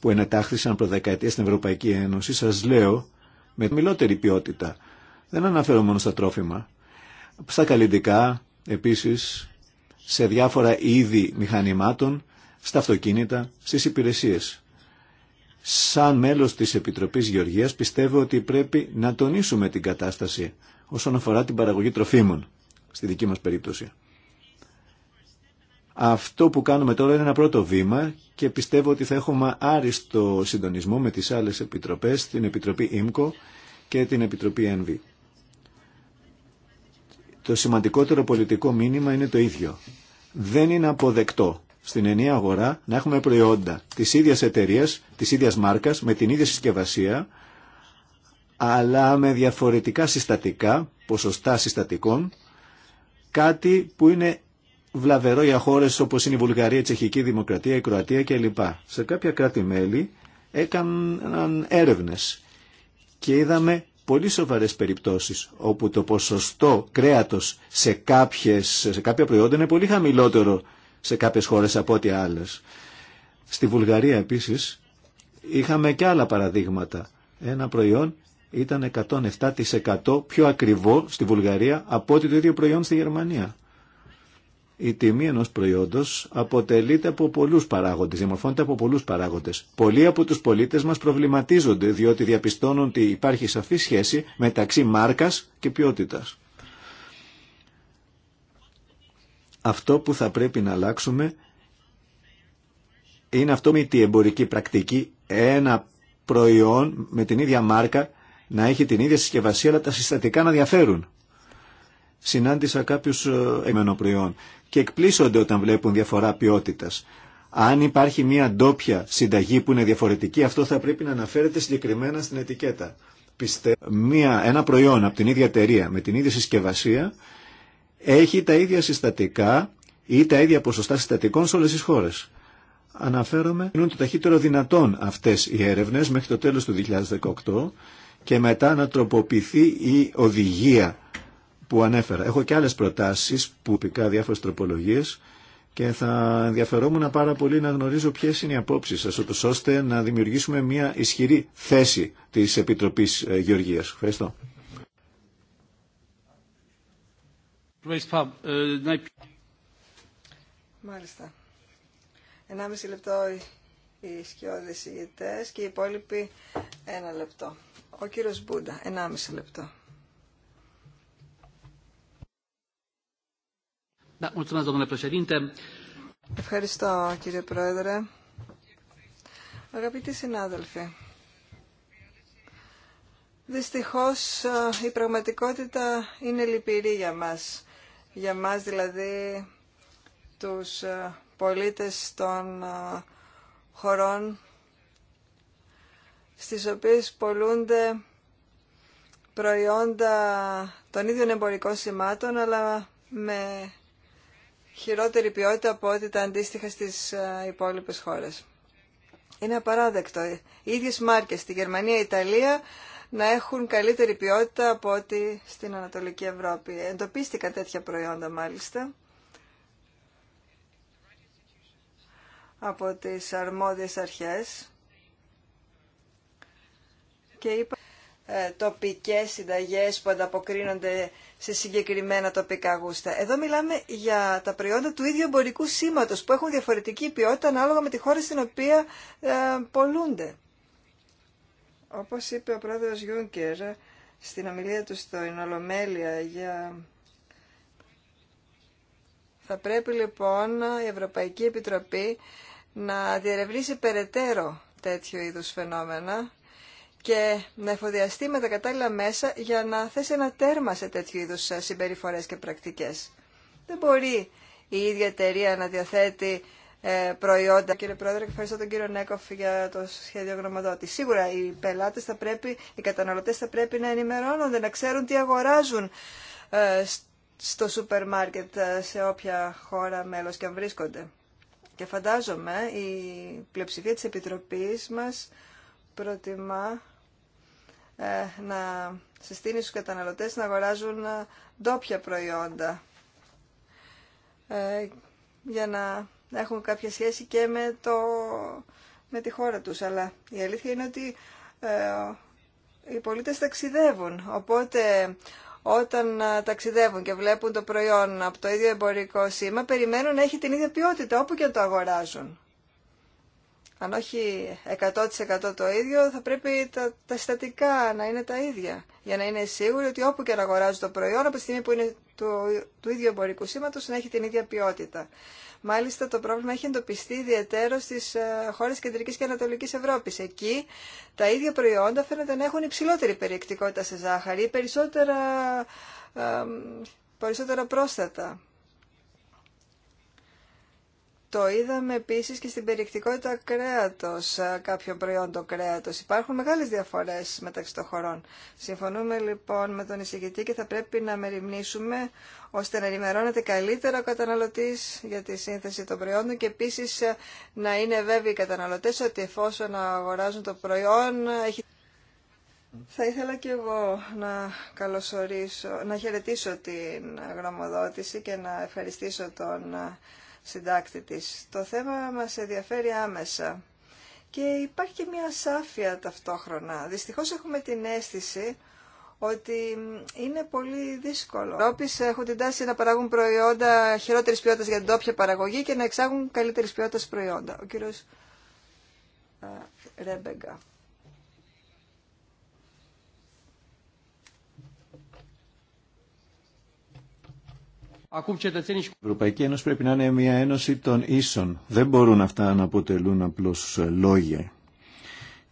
που ενετάχθησαν προδεκαετία στην Ευρωπαϊκή Ένωση, σας λέω με μιλότερη ποιότητα. Δεν αναφέρω μόνο στα τρόφιμα. Στα καλλιντικά, επίσης, σε διάφορα είδη μηχανημάτων στα αυτοκίνητα, στις υπηρεσίες. Σαν μέλος της Επιτροπής Γεωργίας πιστεύω ότι πρέπει να τονίσουμε την κατάσταση όσον αφορά την παραγωγή τροφίμων, στη δική μας περίπτωση. Αυτό που κάνουμε τώρα είναι ένα πρώτο βήμα και πιστεύω ότι θα έχουμε άριστο συντονισμό με τις άλλες επιτροπές, την Επιτροπή ΙΜΚΟ και την Επιτροπή ΕΝΒΗ. Το σημαντικότερο πολιτικό μήνυμα είναι το ίδιο. Δεν είναι αποδεκτό στην ενιαία αγορά να έχουμε προϊόντα της ίδιας εταιρείας, της ίδιας μάρκας, με την ίδια συσκευασία, αλλά με διαφορετικά συστατικά, ποσοστά συστατικών, κάτι που είναι βλαβερό για χώρες όπως είναι η Βουλγαρία, η Τσεχική Δημοκρατία, η Κροατία κλπ. Σε κάποια κράτη-μέλη έκαναν έρευνες και είδαμε πολύ σοβαρές περιπτώσεις όπου το ποσοστό κρέατος σε, σε κάποια προϊόντα είναι πολύ χαμηλότερο σε κάποιες χώρες από ό,τι άλλες. Στη Βουλγαρία επίσης είχαμε και άλλα παραδείγματα. Ένα προϊόν ήταν 107% πιο ακριβό στη Βουλγαρία από ό,τι το ίδιο προϊόν στη Γερμανία. Η τιμή ενός προϊόντος αποτελείται από πολλούς παράγοντες, διαμορφώνεται από πολλούς παράγοντες. Πολλοί από τους πολίτες μας προβληματίζονται διότι διαπιστώνουν ότι υπάρχει σαφή σχέση μεταξύ μάρκας και ποιότητας. Αυτό που θα πρέπει να αλλάξουμε είναι αυτό με τη εμπορική πρακτική. Ένα προϊόν με την ίδια μάρκα να έχει την ίδια συσκευασία αλλά τα συστατικά να διαφέρουν. Συνάντησα κάποιους ε, προϊόν. και εκπλήσονται όταν βλέπουν διαφορά ποιότητας. Αν υπάρχει μια ντόπια συνταγή που είναι διαφορετική, αυτό θα πρέπει να αναφέρεται συγκεκριμένα στην ετικέτα. Μια, ένα προϊόν από την ίδια εταιρεία με την ίδια συσκευασία έχει τα ίδια συστατικά ή τα ίδια ποσοστά συστατικών σε όλες τις χώρες. Αναφέρομαι, είναι το ταχύτερο δυνατόν αυτές οι έρευνες μέχρι το τέλος του 2018 και μετά να τροποποιηθεί η οδηγία που ανέφερα. Έχω και άλλες προτάσεις που πικά διάφορες τροπολογίες και θα ενδιαφερόμουν πάρα πολύ να γνωρίζω ποιες είναι οι απόψεις σας, ώστε να δημιουργήσουμε μια ισχυρή θέση της Επιτροπής ε, Γεωργίας. Ευχαριστώ. Uh, Μάλιστα. 1,5 λεπτό οι και λεπτό. Ο κύριος Μπούντα, 1,5 λεπτό. Ευχαριστώ κύριε Πρόεδρε. Αγαπητοί συνάδελφοι, δυστυχώς ε, η πραγματικότητα είναι λυπηρή για μας για μας δηλαδή τους ε, πολίτες των ε, χωρών στις οποίες πολλούνται προϊόντα των ίδιων εμπορικών σημάτων αλλά με χειρότερη ποιότητα από ό,τι τα αντίστοιχα στις ε, υπόλοιπες χώρες. Είναι απαράδεκτο. Οι ίδιες μάρκες στη Γερμανία, η Ιταλία να έχουν καλύτερη ποιότητα από ό,τι στην Ανατολική Ευρώπη. Εντοπίστηκαν τέτοια προϊόντα μάλιστα από τις αρμόδιες αρχές και είπα ε, τοπικές συνταγές που ανταποκρίνονται σε συγκεκριμένα τοπικά γούστα. Εδώ μιλάμε για τα προϊόντα του ίδιου εμπορικού σήματος που έχουν διαφορετική ποιότητα ανάλογα με τη χώρα στην οποία ε, πολλούνται. Όπως είπε ο πρόεδρος Γιούγκερ στην ομιλία του στο Ινολομέλεια για... Θα πρέπει λοιπόν η Ευρωπαϊκή Επιτροπή να διερευνήσει περαιτέρω τέτοιου είδους φαινόμενα και να εφοδιαστεί με τα κατάλληλα μέσα για να θέσει ένα τέρμα σε τέτοιου είδους συμπεριφορές και πρακτικές. Δεν μπορεί η ίδια εταιρεία να διαθέτει ε, προϊόντα. Κύριε Πρόεδρε, ευχαριστώ τον κύριο Νέκοφ για το σχέδιο γνωμοδότη. Σίγουρα οι πελάτες θα πρέπει, οι καταναλωτές θα πρέπει να ενημερώνονται, να ξέρουν τι αγοράζουν ε, στο σούπερ μάρκετ ε, σε όποια χώρα μέλος και αν βρίσκονται. Και φαντάζομαι η πλειοψηφία της Επιτροπής μας προτιμά να συστήνει στους καταναλωτές να αγοράζουν ντόπια προϊόντα για να να έχουν κάποια σχέση και με, το, με τη χώρα τους. Αλλά η αλήθεια είναι ότι ε, οι πολίτες ταξιδεύουν, οπότε όταν ε, ταξιδεύουν και βλέπουν το προϊόν από το ίδιο εμπορικό σήμα, περιμένουν να έχει την ίδια ποιότητα όπου και το αγοράζουν. Αν όχι 100% το ίδιο, θα πρέπει τα, τα συστατικά να είναι τα ίδια. Για να είναι σίγουροι ότι όπου και να αγοράζουν το προϊόν, από τη στιγμή που είναι του, του ίδιου εμπορικού σήματος, να έχει την ίδια ποιότητα. Μάλιστα το πρόβλημα έχει εντοπιστεί ιδιαίτερο στις ε, χώρες Κεντρικής και Ανατολικής Ευρώπης. Εκεί τα ίδια προϊόντα φαίνεται να έχουν υψηλότερη περιεκτικότητα σε ζάχαρη ή περισσότερα, ε, περισσότερα πρόσθετα. Το είδαμε επίσης και στην περιεκτικότητα κρέατος ε, κάποιων προϊόντων κρέατος. Υπάρχουν μεγάλες διαφορές μεταξύ των χωρών. Συμφωνούμε λοιπόν με τον εισηγητή και θα πρέπει να μεριμνήσουμε ώστε να ενημερώνεται καλύτερα ο καταναλωτής για τη σύνθεση των προϊόντων και επίση ε, να είναι βέβαιοι οι καταναλωτέ ότι εφόσον αγοράζουν το προϊόν έχει... Θα ήθελα και εγώ να καλωσορίσω, να χαιρετήσω την γνωμοδότηση και να ευχαριστήσω τον ε, συντάκτη της. Το θέμα μας ενδιαφέρει άμεσα και υπάρχει και μια σάφια ταυτόχρονα. Δυστυχώς έχουμε την αίσθηση ότι είναι πολύ δύσκολο. Οι έχουν την τάση να παράγουν προϊόντα χειρότερη ποιότητα για την τόπια παραγωγή και να εξάγουν καλύτερη ποιότητα προϊόντα. Ο κύριο Ρέμπεγκα. Η Ευρωπαϊκή Ένωση πρέπει να είναι μια ένωση των ίσων. Δεν μπορούν αυτά να αποτελούν απλώς λόγια.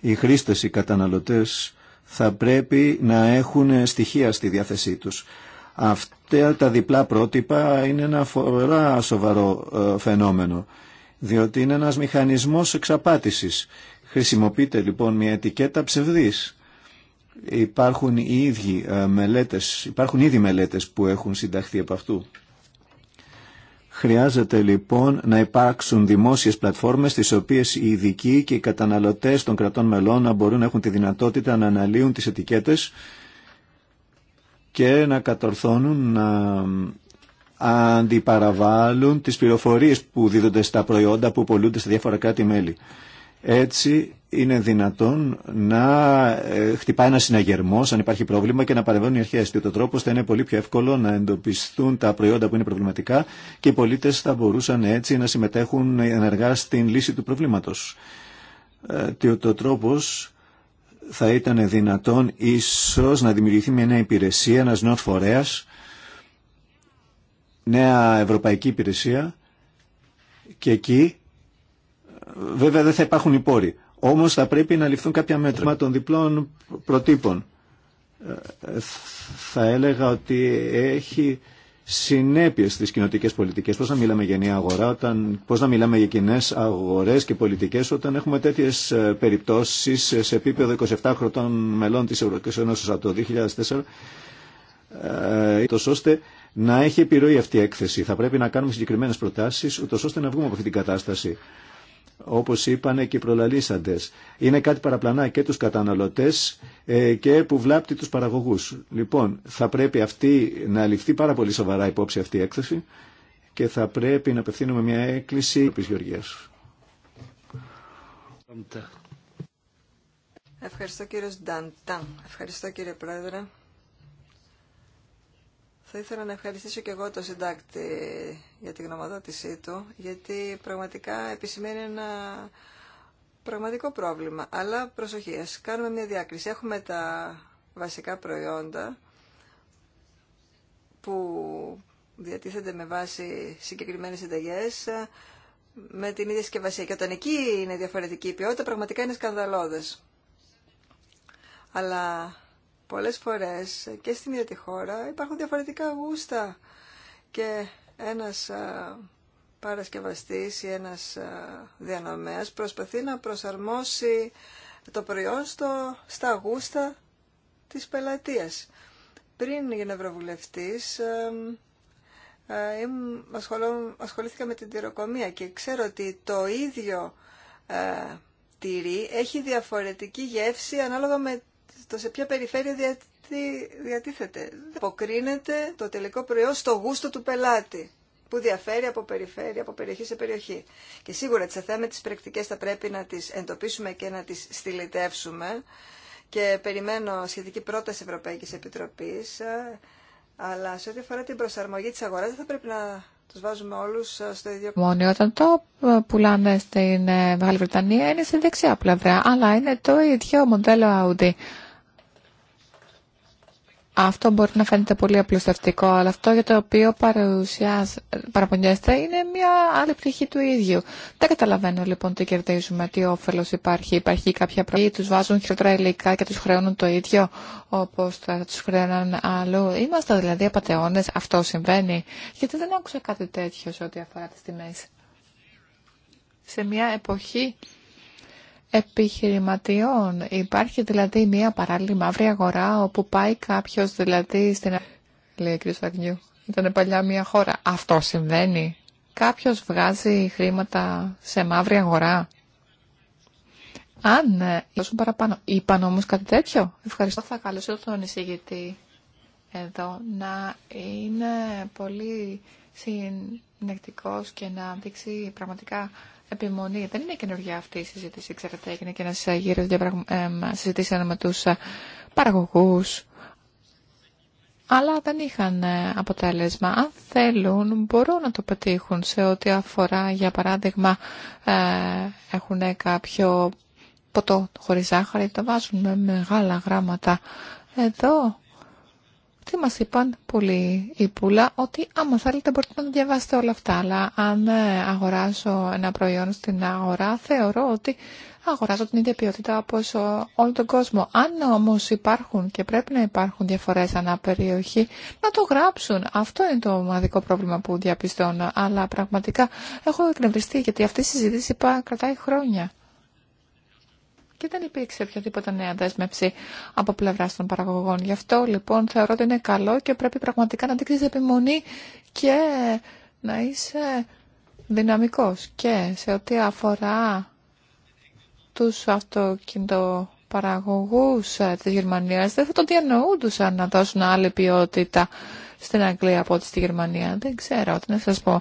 Οι χρήστες, οι καταναλωτές θα πρέπει να έχουν στοιχεία στη διάθεσή τους. Αυτά τα διπλά πρότυπα είναι ένα φορά σοβαρό ε, φαινόμενο, διότι είναι ένας μηχανισμός εξαπάτησης. Χρησιμοποιείται λοιπόν μια ετικέτα ψευδής. Υπάρχουν ήδη ε, μελέτες, υπάρχουν ήδη μελέτες που έχουν συνταχθεί από αυτού. Χρειάζεται λοιπόν να υπάρξουν δημόσιες πλατφόρμες στις οποίες οι ειδικοί και οι καταναλωτές των κρατών μελών να μπορούν να έχουν τη δυνατότητα να αναλύουν τις ετικέτες και να κατορθώνουν να αντιπαραβάλλουν τις πληροφορίες που δίδονται στα προϊόντα που πολλούνται στα διάφορα κράτη-μέλη. Έτσι είναι δυνατόν να ε, χτυπάει ένα συναγερμό αν υπάρχει πρόβλημα και να παρεμβαίνουν οι αρχέ. Και ο τρόπο θα είναι πολύ πιο εύκολο να εντοπιστούν τα προϊόντα που είναι προβληματικά και οι πολίτε θα μπορούσαν έτσι να συμμετέχουν ενεργά στην λύση του προβλήματο. Ε, Το ο τρόπο θα ήταν δυνατόν ίσω να δημιουργηθεί μια νέα υπηρεσία, ένα νέο φορέα, νέα ευρωπαϊκή υπηρεσία και εκεί ε, βέβαια δεν θα υπάρχουν οι πόροι Όμω θα πρέπει να ληφθούν κάποια μέτρα των διπλών προτύπων. Ε, θα έλεγα ότι έχει συνέπειες στις κοινοτικές πολιτικές. Πώς να μιλάμε για νέα αγορά, όταν, πώς να μιλάμε για κοινέ αγορές και πολιτικές όταν έχουμε τέτοιες ε, περιπτώσεις σε επίπεδο 27 χρονών μελών της Ευρωπαϊκής Ένωσης από το 2004 ε, ώστε να έχει επιρροή αυτή η έκθεση. Θα πρέπει να κάνουμε συγκεκριμένες προτάσεις ώστε να βγούμε από αυτή την κατάσταση όπως είπανε και οι προλαλήσαντες. Είναι κάτι παραπλανά και τους καταναλωτές ε, και που βλάπτει τους παραγωγούς. Λοιπόν, θα πρέπει αυτή να ληφθεί πάρα πολύ σοβαρά υπόψη αυτή η έκθεση και θα πρέπει να απευθύνουμε μια έκκληση της Γεωργίας. Ευχαριστώ κύριος Νταντάν. Ευχαριστώ κύριε Πρόεδρε. Θα ήθελα να ευχαριστήσω και εγώ τον συντάκτη για την γνωμοδότησή του, γιατί πραγματικά επισημαίνει ένα πραγματικό πρόβλημα. Αλλά προσοχή, κάνουμε μια διάκριση. Έχουμε τα βασικά προϊόντα που διατίθενται με βάση συγκεκριμένες συνταγές με την ίδια συσκευασία. Και όταν εκεί είναι διαφορετική η ποιότητα, πραγματικά είναι σκανδαλώδες. Αλλά Πολλές φορές ε, και στην ίδια τη χώρα υπάρχουν διαφορετικά γούστα και ένας ε, παρασκευαστής ή ένας ε, διανομέας προσπαθεί να προσαρμόσει το προϊόν στο, στα γούστα της πελατείας. Πριν γίνω ευρωβουλευτής, ασχολήθηκα με την τυροκομεία και ξέρω ότι το ίδιο τυρί έχει διαφορετική γεύση ανάλογα με το σε ποια περιφέρεια διατί, διατίθεται. Αποκρίνεται το τελικό προϊόν στο γούστο του πελάτη που διαφέρει από περιφέρεια, από περιοχή σε περιοχή. Και σίγουρα τις τις πρακτικές θα πρέπει να τις εντοπίσουμε και να τις στυλιτεύσουμε και περιμένω σχετική πρόταση Ευρωπαϊκής Επιτροπής ε, αλλά σε ό,τι αφορά την προσαρμογή της αγοράς δεν θα πρέπει να τους βάζουμε όλους ε, στο ίδιο... Μόνο όταν το ε, πουλάνε στην Μεγάλη Βρετανία είναι στην δεξιά πλευρά αλλά είναι το ίδιο μοντέλο Audi. Αυτό μπορεί να φαίνεται πολύ απλουστευτικό, αλλά αυτό για το οποίο παραπονιέστε είναι μια άλλη πτυχή του ίδιου. Δεν καταλαβαίνω λοιπόν τι κερδίζουμε, τι όφελο υπάρχει. Υπάρχει κάποια προβλήματα, του βάζουν χειρότερα υλικά και του χρεώνουν το ίδιο όπω θα του χρεώναν άλλο. Είμαστε δηλαδή απαταιώνε, αυτό συμβαίνει. Γιατί δεν άκουσα κάτι τέτοιο σε ό,τι αφορά τι τιμέ. Σε μια εποχή επιχειρηματιών. Υπάρχει δηλαδή μια παράλληλη μαύρη αγορά όπου πάει κάποιος δηλαδή στην... Λέει ο κ. ήταν παλιά μια χώρα. Αυτό συμβαίνει. Κάποιος βγάζει χρήματα σε μαύρη αγορά. Αν ε, δώσουν παραπάνω. Είπαν όμω κάτι τέτοιο. Ευχαριστώ. Θα καλωσορίσω τον εισηγητή εδώ να είναι πολύ συνεκτικός και να δείξει πραγματικά επιμονή. Δεν είναι καινούργια αυτή η συζήτηση, ξέρετε, έγινε και ένας ε, συζητήσεων με τους ε, παραγωγούς, αλλά δεν είχαν ε, αποτέλεσμα. Αν θέλουν, μπορούν να το πετύχουν σε ό,τι αφορά, για παράδειγμα, ε, έχουν κάποιο ποτό χωρίς ζάχαρη, το βάζουν με μεγάλα γράμματα. Εδώ τι μας είπαν πολλοί οι πουλά ότι άμα θέλετε μπορείτε να διαβάσετε όλα αυτά αλλά αν ε, αγοράσω ένα προϊόν στην αγορά θεωρώ ότι αγοράζω την ίδια ποιότητα όπως όλο τον κόσμο. Αν όμως υπάρχουν και πρέπει να υπάρχουν διαφορές ανά περιοχή να το γράψουν. Αυτό είναι το μοναδικό πρόβλημα που διαπιστώνω αλλά πραγματικά έχω εκνευριστεί γιατί αυτή η συζήτηση κρατάει χρόνια και δεν υπήρξε οποιαδήποτε νέα δέσμευση από πλευρά των παραγωγών. Γι' αυτό λοιπόν θεωρώ ότι είναι καλό και πρέπει πραγματικά να δείξει επιμονή και να είσαι δυναμικός και σε ό,τι αφορά τους αυτοκινητο τη ε, της Γερμανίας δεν θα το διανοούντουσαν να δώσουν άλλη ποιότητα στην Αγγλία από ό,τι στη Γερμανία. Δεν ξέρω, τι να σας πω.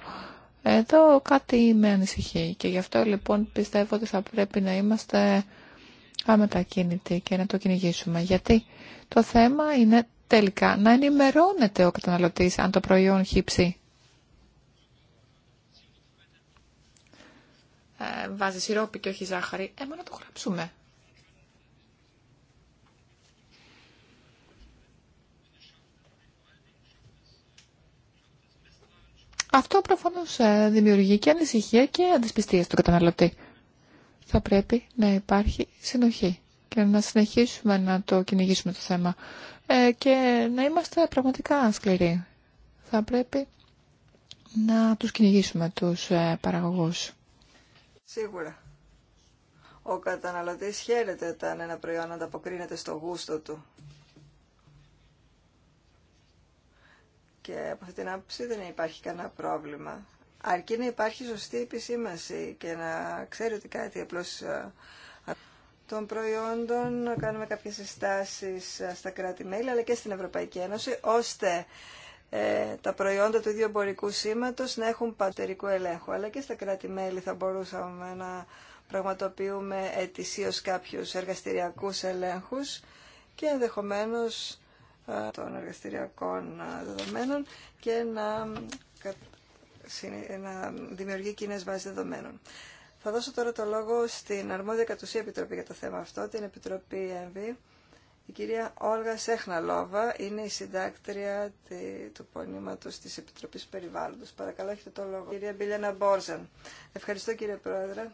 Εδώ κάτι με ανησυχεί και γι' αυτό λοιπόν πιστεύω ότι θα πρέπει να είμαστε πάμε τα και να το κυνηγήσουμε. Γιατί το θέμα είναι τελικά να ενημερώνεται ο καταναλωτής αν το προϊόν χύψει. Ε, βάζει σιρόπι και όχι ζάχαρη. Έμα ε, να το χράψουμε. Αυτό προφανώς ε, δημιουργεί και ανησυχία και αντισπιστία στον καταναλωτή θα πρέπει να υπάρχει συνοχή και να συνεχίσουμε να το κυνηγήσουμε το θέμα ε, και να είμαστε πραγματικά σκληροί. Θα πρέπει να τους κυνηγήσουμε τους ε, παραγωγούς. Σίγουρα. Ο καταναλωτής χαίρεται όταν ένα προϊόν ανταποκρίνεται στο γούστο του. Και από αυτή την άποψη δεν υπάρχει κανένα πρόβλημα αρκεί να υπάρχει σωστή επισήμαση και να ξέρει ότι κάτι απλώς ε, των προϊόντων, να κάνουμε κάποιες συστάσεις ε, στα κράτη-μέλη αλλά και στην Ευρωπαϊκή Ένωση, ώστε ε, τα προϊόντα του ίδιου εμπορικού σήματος να έχουν πατερικό ελέγχο. Αλλά και στα κράτη-μέλη θα μπορούσαμε να πραγματοποιούμε ετησίως κάποιους εργαστηριακούς ελέγχους και ενδεχομένως των εργαστηριακών δεδομένων και να να δημιουργεί κοινέ βάσει δεδομένων. Θα δώσω τώρα το λόγο στην αρμόδια κατουσία επιτροπή για το θέμα αυτό, την Επιτροπή ΕΜΒ Η κυρία Όλγα Σέχναλόβα είναι η συντάκτρια του πονήματος της Επιτροπής Περιβάλλοντος. Παρακαλώ, έχετε το λόγο. Κυρία Μπίλιανα Μπόρζαν. Ευχαριστώ κύριε Πρόεδρε.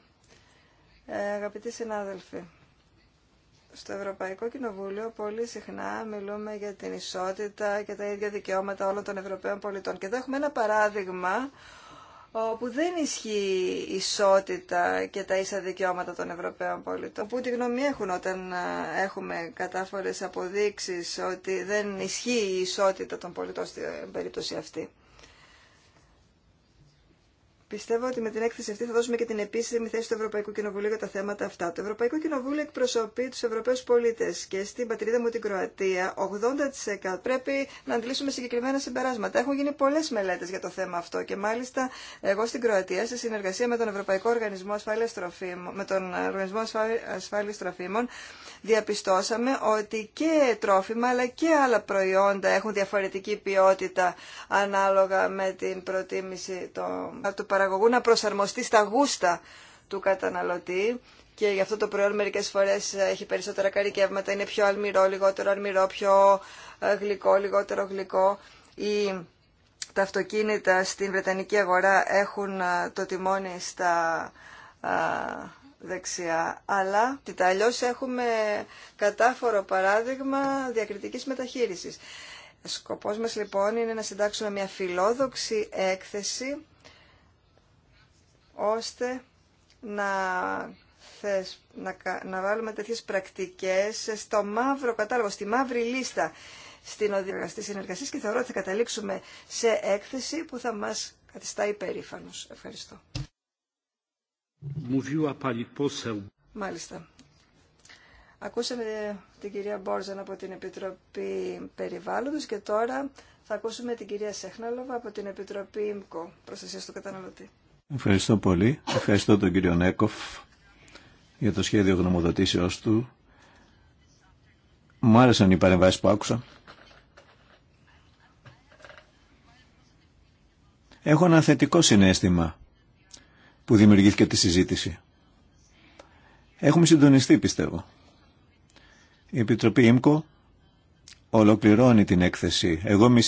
Ε, αγαπητοί συνάδελφοι, στο Ευρωπαϊκό Κοινοβούλιο πολύ συχνά μιλούμε για την ισότητα και τα ίδια δικαιώματα όλων των Ευρωπαίων πολιτών. Και εδώ έχουμε ένα παράδειγμα όπου δεν ισχύει ισότητα και τα ίσα δικαιώματα των Ευρωπαίων πολιτών. Που τη γνώμη έχουν όταν ε, έχουμε κατάφορες αποδείξεις ότι δεν ισχύει η ισότητα των πολιτών στην περίπτωση αυτή. Πιστεύω ότι με την έκθεση αυτή θα δώσουμε και την επίσημη θέση του Ευρωπαϊκού Κοινοβουλίου για τα θέματα αυτά. Το Ευρωπαϊκό Κοινοβούλιο εκπροσωπεί του Ευρωπαίου πολίτε και στην πατρίδα μου την Κροατία 80% πρέπει να αντλήσουμε συγκεκριμένα συμπεράσματα. Έχουν γίνει πολλέ μελέτε για το θέμα αυτό και μάλιστα εγώ στην Κροατία, σε συνεργασία με τον Ευρωπαϊκό Οργανισμό Ασφάλεια Τροφίμων, με τον Οργανισμό Ασφάλεια Τροφίμων, διαπιστώσαμε ότι και τρόφιμα αλλά και άλλα προϊόντα έχουν διαφορετική ποιότητα ανάλογα με την προτίμηση του παραγωγού παραγωγού να προσαρμοστεί στα γούστα του καταναλωτή και γι' αυτό το προϊόν μερικές φορές ε, έχει περισσότερα καρικεύματα, είναι πιο αλμυρό, λιγότερο αλμυρό, πιο ε, γλυκό, λιγότερο γλυκό. Ή τα αυτοκίνητα στην Βρετανική αγορά έχουν ε, το τιμόνι στα δεξιά, αλλά τα έχουμε κατάφορο παράδειγμα διακριτικής μεταχείρισης. Σκοπός μας λοιπόν είναι να συντάξουμε μια φιλόδοξη έκθεση ώστε να, να, βάλουμε τέτοιες πρακτικές στο μαύρο κατάλογο, στη μαύρη λίστα στην οδηγαστή συνεργασία και θεωρώ ότι θα καταλήξουμε σε έκθεση που θα μας καθιστά υπερήφανος. Ευχαριστώ. Μάλιστα. Ακούσαμε την κυρία Μπόρζαν από την Επιτροπή Περιβάλλοντος και τώρα θα ακούσουμε την κυρία Σέχναλοβα από την Επιτροπή ΙΜΚΟ Προστασία του Καταναλωτή. Ευχαριστώ πολύ. Ευχαριστώ τον κύριο Νέκοφ για το σχέδιο γνωμοδοτήσεώς του. Μου άρεσαν οι παρεμβάσεις που άκουσα. Έχω ένα θετικό συνέστημα που δημιουργήθηκε τη συζήτηση. Έχουμε συντονιστεί, πιστεύω. Η Επιτροπή ΙΜΚΟ ολοκληρώνει την έκθεση. Εγώ είμαι η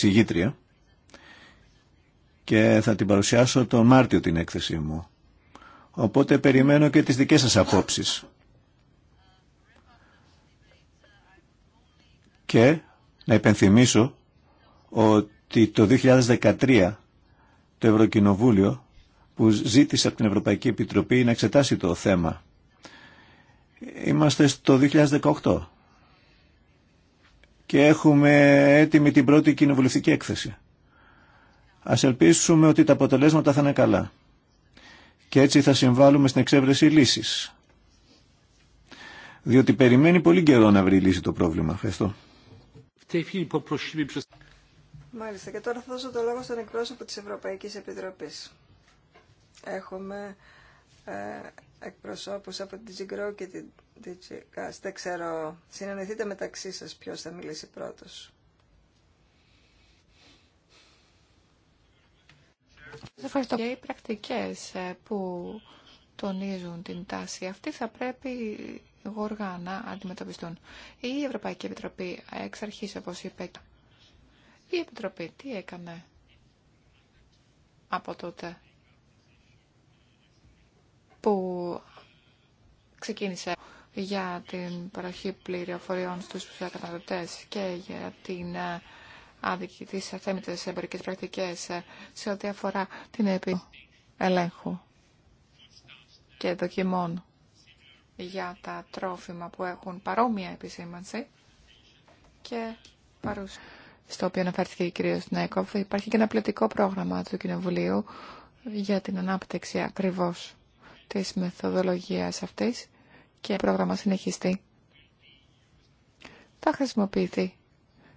και θα την παρουσιάσω τον Μάρτιο την έκθεσή μου. Οπότε περιμένω και τις δικές σας απόψεις. Και να υπενθυμίσω ότι το 2013 το Ευρωκοινοβούλιο που ζήτησε από την Ευρωπαϊκή Επιτροπή να εξετάσει το θέμα. Είμαστε στο 2018 και έχουμε έτοιμη την πρώτη κοινοβουλευτική έκθεση. Ας ελπίσουμε ότι τα αποτελέσματα θα είναι καλά. Και έτσι θα συμβάλλουμε στην εξέβρεση λύσης. Διότι περιμένει πολύ καιρό να βρει λύση το πρόβλημα. Ευχαριστώ. Μάλιστα. Και τώρα θα δώσω το λόγο στον εκπρόσωπο της Ευρωπαϊκής Επιτροπής. Έχουμε ε, εκπροσώπους από την Τζιγκρό και την Τζιγκάς. Δεν ξέρω, συνεννοηθείτε μεταξύ σας ποιος θα μιλήσει πρώτος. Ευχαριστώ. Και οι πρακτικές ε, που τονίζουν την τάση αυτή θα πρέπει γοργά να αντιμετωπιστούν. Η Ευρωπαϊκή Επιτροπή εξ αρχής, όπως είπε, η Επιτροπή τι έκανε από τότε που ξεκίνησε για την παροχή πληροφοριών στους καταναλωτέ και για την ε, άδικη τις αθέμητες εμπορικέ πρακτικές ε, σε ό,τι αφορά την επί ελέγχου και δοκιμών για τα τρόφιμα που έχουν παρόμοια επισήμανση και παρούσα. Στο οποίο αναφέρθηκε η κυρία Σνέκοφ, υπάρχει και ένα πλαιτικό πρόγραμμα του Κοινοβουλίου για την ανάπτυξη ακριβώς της μεθοδολογία αυτής και το πρόγραμμα συνεχιστεί. Θα χρησιμοποιηθεί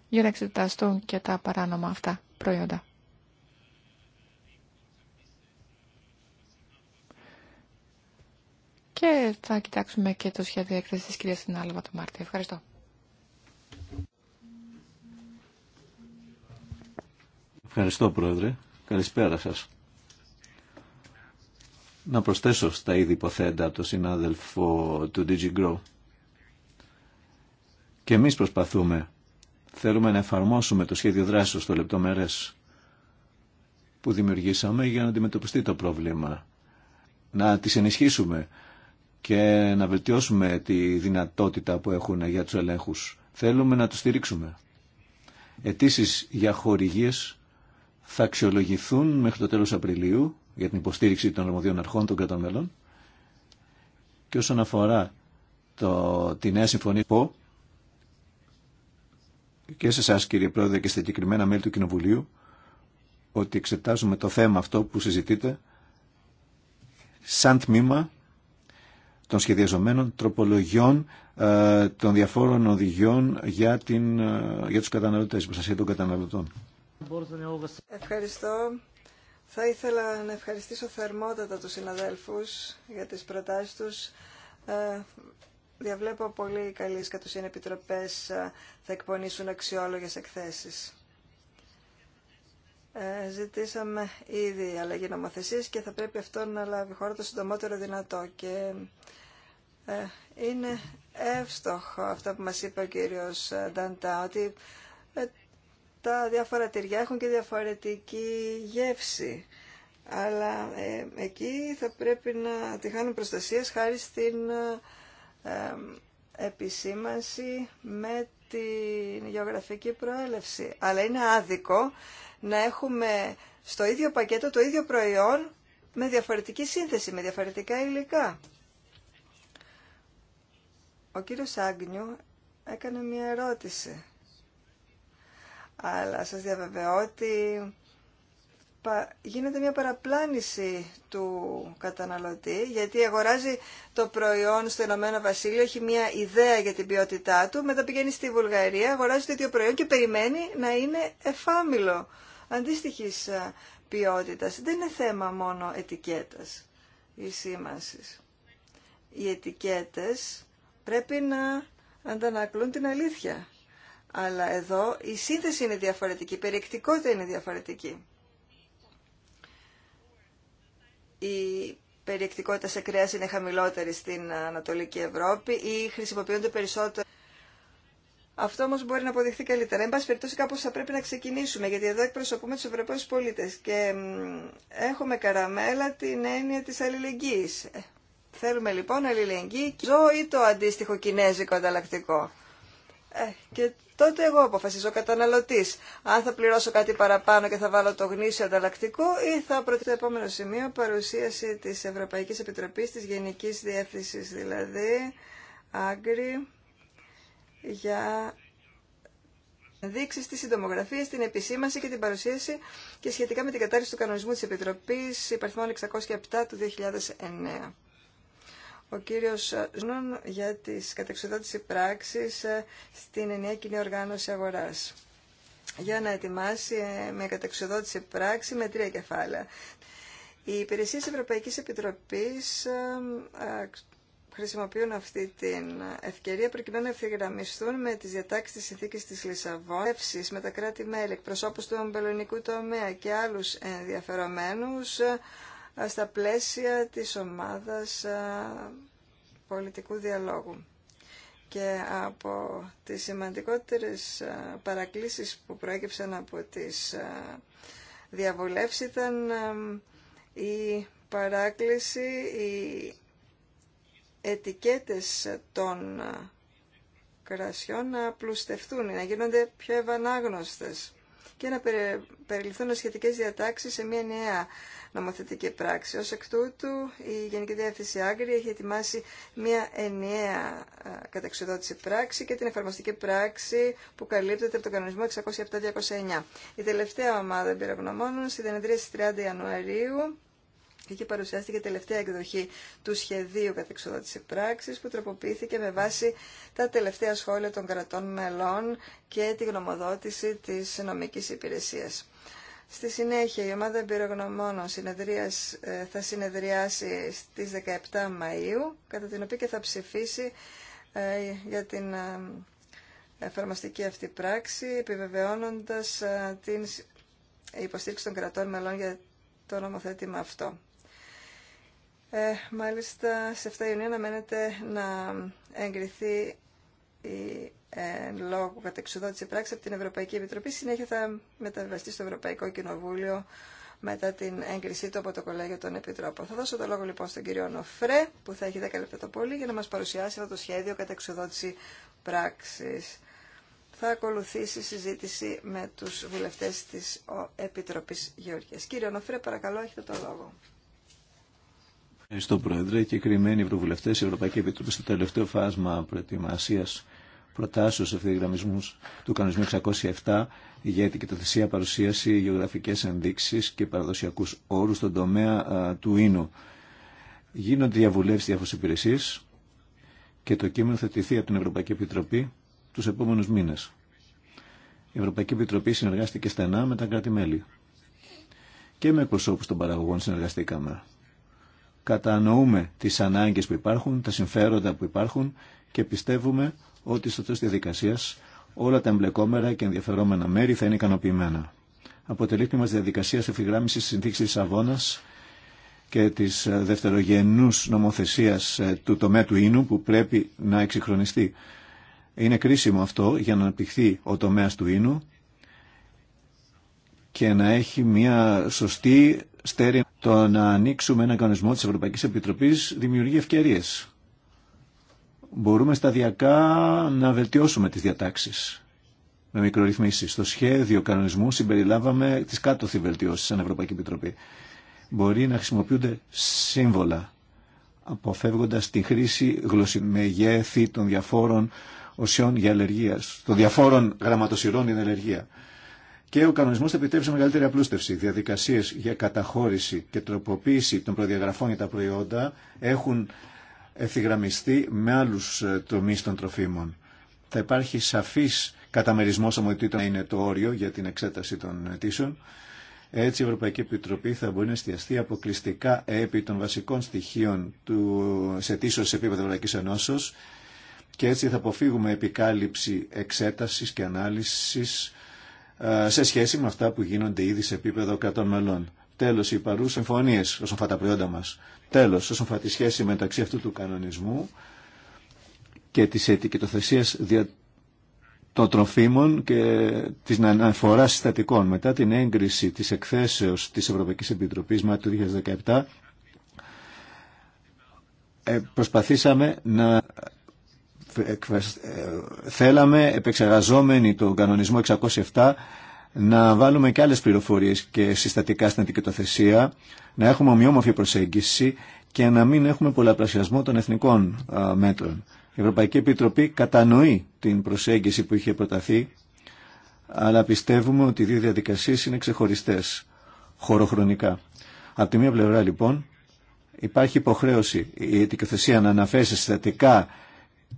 για να εξεταστούν και τα παράνομα αυτά προϊόντα. Και θα κοιτάξουμε και το σχέδιο έκθεση της κυρίας το Μάρτιο. Ευχαριστώ. Ευχαριστώ, Πρόεδρε. Καλησπέρα σας. Να προσθέσω στα είδη υποθέντα το τον συνάδελφο του DigiGrow. Και εμείς προσπαθούμε Θέλουμε να εφαρμόσουμε το σχέδιο δράσης στο λεπτομερές που δημιουργήσαμε για να αντιμετωπιστεί το πρόβλημα. Να τις ενισχύσουμε και να βελτιώσουμε τη δυνατότητα που έχουν για τους ελέγχους. Θέλουμε να τους στηρίξουμε. Ετήσεις για χορηγίες θα αξιολογηθούν μέχρι το τέλος Απριλίου για την υποστήριξη των αρμοδίων αρχών των κρατών Και όσον αφορά το, τη νέα συμφωνία, και σε εσά κύριε Πρόεδρε και στα συγκεκριμένα μέλη του Κοινοβουλίου ότι εξετάζουμε το θέμα αυτό που συζητείτε σαν τμήμα των σχεδιαζομένων τροπολογιών ε, των διαφόρων οδηγιών για, την, ε, για τους καταναλωτές, προστασία των καταναλωτών. Ευχαριστώ. Θα ήθελα να ευχαριστήσω θερμότατα τους συναδέλφους για τις προτάσεις τους. Ε, διαβλέπω πολύ καλής κατουσίαν επιτροπές ε, θα εκπονήσουν αξιόλογες εκθέσεις. Ε, ζητήσαμε ήδη αλλαγή νομοθεσία και θα πρέπει αυτό να λάβει χώρα το συντομότερο δυνατό και ε, είναι εύστοχο αυτό που μα είπε ο κύριο Νταντά ότι τα διάφορα τυριά έχουν και διαφορετική γεύση αλλά εκεί θα πρέπει να τη χάνουν προστασίες χάρη στην επισήμανση με την γεωγραφική προέλευση. Αλλά είναι άδικο να έχουμε στο ίδιο πακέτο το ίδιο προϊόν με διαφορετική σύνθεση, με διαφορετικά υλικά. Ο κύριος Άγνιου έκανε μία ερώτηση. Αλλά σας διαβεβαιώ ότι γίνεται μια παραπλάνηση του καταναλωτή γιατί αγοράζει το προϊόν στο Ηνωμένο Βασίλειο, έχει μια ιδέα για την ποιότητά του, μετά πηγαίνει στη Βουλγαρία, αγοράζει το ίδιο προϊόν και περιμένει να είναι εφάμιλο Αντίστοιχη ποιότητα. Δεν είναι θέμα μόνο ετικέτας ή σήμανσης. Οι ετικέτες πρέπει να αντανακλούν ετικέτα η σήμανση οι ετικετες πρεπει είναι διαφορετική, η περιεκτικότητα είναι διαφορετική η περιεκτικότητα σε κρέας είναι χαμηλότερη στην Ανατολική Ευρώπη ή χρησιμοποιούνται περισσότερο. Αυτό όμω μπορεί να αποδειχθεί καλύτερα. Εν πάση περιπτώσει, κάπω θα πρέπει να ξεκινήσουμε, γιατί εδώ εκπροσωπούμε του Ευρωπαίου πολίτε και έχουμε καραμέλα την έννοια τη αλληλεγγύη. Ε, θέλουμε λοιπόν αλληλεγγύη, ζώο ή το αντίστοιχο κινέζικο ανταλλακτικό. Ε, και τότε εγώ αποφασίζω, ο καταναλωτή, αν θα πληρώσω κάτι παραπάνω και θα βάλω το γνήσιο ανταλλακτικό ή θα προτείνω το επόμενο σημείο παρουσίαση τη Ευρωπαϊκή Επιτροπή τη Γενική Διεύθυνση, δηλαδή Άγκρη, για δείξει τη συντομογραφία, την επισήμαση και την παρουσίαση και σχετικά με την κατάρριση του κανονισμού τη Επιτροπή υπαριθμών 607 του 2009 ο κύριος Ζνούν για τις κατεξοδότηση πράξεις ε, στην ενιαία κοινή οργάνωση αγοράς για να ετοιμάσει ε, με κατεξοδότηση πράξη με τρία κεφάλαια. Οι Υπηρεσίε Ευρωπαϊκής Επιτροπής ε, χρησιμοποιούν αυτή την ευκαιρία προκειμένου να ευθυγραμμιστούν με τις διατάξεις της συνθήκης της Λισαβόνευσης με τα κράτη-μέλη, εκπροσώπους του αμπελονικού τομέα και άλλους ενδιαφερομένους στα πλαίσια της ομάδας πολιτικού διαλόγου. Και από τις σημαντικότερες παρακλήσεις που προέκυψαν από τις διαβολεύσεις ήταν η παράκληση, οι ετικέτες των κρασιών να πλουστευτούν, να γίνονται πιο ευανάγνωστες και να περιληφθούν σχετικές διατάξεις σε μια νέα νομοθετική πράξη. Ως εκ τούτου, η Γενική Διεύθυνση Άγκρη έχει ετοιμάσει μια ενιαία καταξιδότηση πράξη και την εφαρμοστική πράξη που καλύπτεται από τον κανονισμό 607-209. Η τελευταία ομάδα εμπειρογνωμόνων, στις 30 Ιανουαρίου, Εκεί και παρουσιάστηκε τελευταία εκδοχή του σχεδίου κατεξοδότηση πράξη που τροποποιήθηκε με βάση τα τελευταία σχόλια των κρατών μελών και τη γνωμοδότηση της νομική υπηρεσίας. Στη συνέχεια η ομάδα εμπειρογνωμόνων ε, θα συνεδριάσει στις 17 Μαΐου, κατά την οποία και θα ψηφίσει ε, για την ε, εφαρμοστική αυτή πράξη, επιβεβαιώνοντας την υποστήριξη των κρατών μελών για το νομοθέτημα αυτό. Ε, μάλιστα, σε 7 Ιουνίου αναμένεται να εγκριθεί η ε, λόγω κατεξοδότηση πράξη από την Ευρωπαϊκή Επιτροπή. Συνέχεια θα μεταβιβαστεί στο Ευρωπαϊκό Κοινοβούλιο μετά την έγκρισή του από το Κολέγιο των Επιτρόπων. Θα δώσω το λόγο λοιπόν στον κύριο Νοφρέ, που θα έχει 10 λεπτά το πολύ, για να μα παρουσιάσει αυτό το σχέδιο κατεξοδότηση πράξη. Θα ακολουθήσει συζήτηση με του βουλευτέ τη επίτροπή Γεωργία. Κύριο Νοφρέ, παρακαλώ, έχετε το λόγο. Ευχαριστώ, Πρόεδρε. Και κρυμμένοι ευρωβουλευτέ, η Ευρωπαϊκή Επιτροπή στο τελευταίο φάσμα προετοιμασία προτάσεω ευθυγραμμισμού του κανονισμού 607 για την κοιτοθεσία παρουσίαση, γεωγραφικέ ενδείξει και παραδοσιακού όρου στον τομέα του ίνου. Γίνονται διαβουλεύσει διάφορε υπηρεσίε και το κείμενο θα τηθεί από την Ευρωπαϊκή Επιτροπή του επόμενου μήνε. Η Ευρωπαϊκή Επιτροπή συνεργάστηκε στενά με τα κράτη-μέλη. Και με εκπροσώπου των παραγωγών συνεργαστήκαμε κατανοούμε τις ανάγκες που υπάρχουν, τα συμφέροντα που υπάρχουν και πιστεύουμε ότι στο τέλος της διαδικασίας όλα τα εμπλεκόμενα και ενδιαφερόμενα μέρη θα είναι ικανοποιημένα. Αποτελεί μας τη διαδικασία εφηγράμμισης της συνθήκη της αγώνας και της ε, δευτερογενού νομοθεσίας ε, του τομέα του ίνου που πρέπει να εξυγχρονιστεί. Είναι κρίσιμο αυτό για να αναπτυχθεί ο τομέας του ίνου και να έχει μια σωστή το να ανοίξουμε ένα κανονισμό της Ευρωπαϊκής Επιτροπής δημιουργεί ευκαιρίες. Μπορούμε σταδιακά να βελτιώσουμε τις διατάξεις με μικρορυθμίσεις. Στο σχέδιο κανονισμού συμπεριλάβαμε τις κάτωθι βελτιώσεις σαν Ευρωπαϊκή Επιτροπή. Μπορεί να χρησιμοποιούνται σύμβολα αποφεύγοντας τη χρήση γλωσσιμεγέθη των οσιών για αλλεργία, των διαφόρων γραμματοσυρών για αλλεργία και ο κανονισμό θα επιτρέψει μεγαλύτερη απλούστευση. Διαδικασίε για καταχώρηση και τροποποίηση των προδιαγραφών για τα προϊόντα έχουν ευθυγραμμιστεί με άλλου ε, τομεί των τροφίμων. Θα υπάρχει σαφή καταμερισμό να είναι το όριο για την εξέταση των αιτήσεων. Έτσι η Ευρωπαϊκή Επιτροπή θα μπορεί να εστιαστεί αποκλειστικά επί των βασικών στοιχείων του αιτήσεως σε επίπεδο Ευρωπαϊκή Ενώσεως και έτσι θα αποφύγουμε επικάλυψη εξέταση και ανάλυση. Ε, σε σχέση με αυτά που γίνονται ήδη σε επίπεδο κρατών μελών. Τέλο, οι παρού συμφωνίε όσον αφορά τα προϊόντα μα. Τέλο, όσον αφορά τη σχέση μεταξύ αυτού του κανονισμού και τη ετικετοθεσία δια των τροφίμων και της αναφορά συστατικών. Μετά την έγκριση τη εκθέσεω της Ευρωπαϊκής Επιτροπής Μάρτιο του 2017, ε, προσπαθήσαμε να ε, θέλαμε επεξεργαζόμενοι τον κανονισμό 607 να βάλουμε και άλλες πληροφορίες και συστατικά στην αντικειτοθεσία, να έχουμε ομοιόμορφη προσέγγιση και να μην έχουμε πολλαπλασιασμό των εθνικών μέτρων. Η Ευρωπαϊκή Επιτροπή κατανοεί την προσέγγιση που είχε προταθεί, αλλά πιστεύουμε ότι οι δύο διαδικασίες είναι ξεχωριστές χωροχρονικά. Από τη μία πλευρά λοιπόν υπάρχει υποχρέωση η ετικοθεσία να αναφέρει συστατικά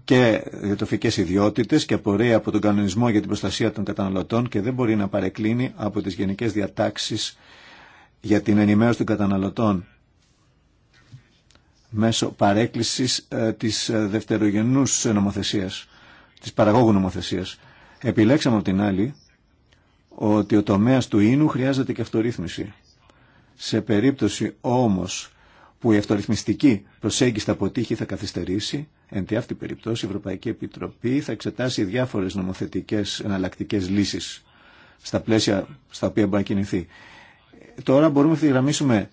και διατροφικές ιδιότητες και απορρέει από τον κανονισμό για την προστασία των καταναλωτών και δεν μπορεί να παρεκκλίνει από τις γενικές διατάξεις για την ενημέρωση των καταναλωτών μέσω παρέκκλησης ε, της ε, δευτερογενούς νομοθεσίας, της παραγόγου νομοθεσίας. Επιλέξαμε από την άλλη ότι ο τομέας του ίνου χρειάζεται και αυτορύθμιση. Σε περίπτωση όμως που η αυτορυθμιστική προσέγγιση θα αποτύχει θα καθυστερήσει. Εν τη αυτή περιπτώσει η Ευρωπαϊκή Επιτροπή θα εξετάσει διάφορες νομοθετικέ εναλλακτικέ λύσεις στα πλαίσια στα οποία μπορεί να κινηθεί. Τώρα μπορούμε να γραμμίσουμε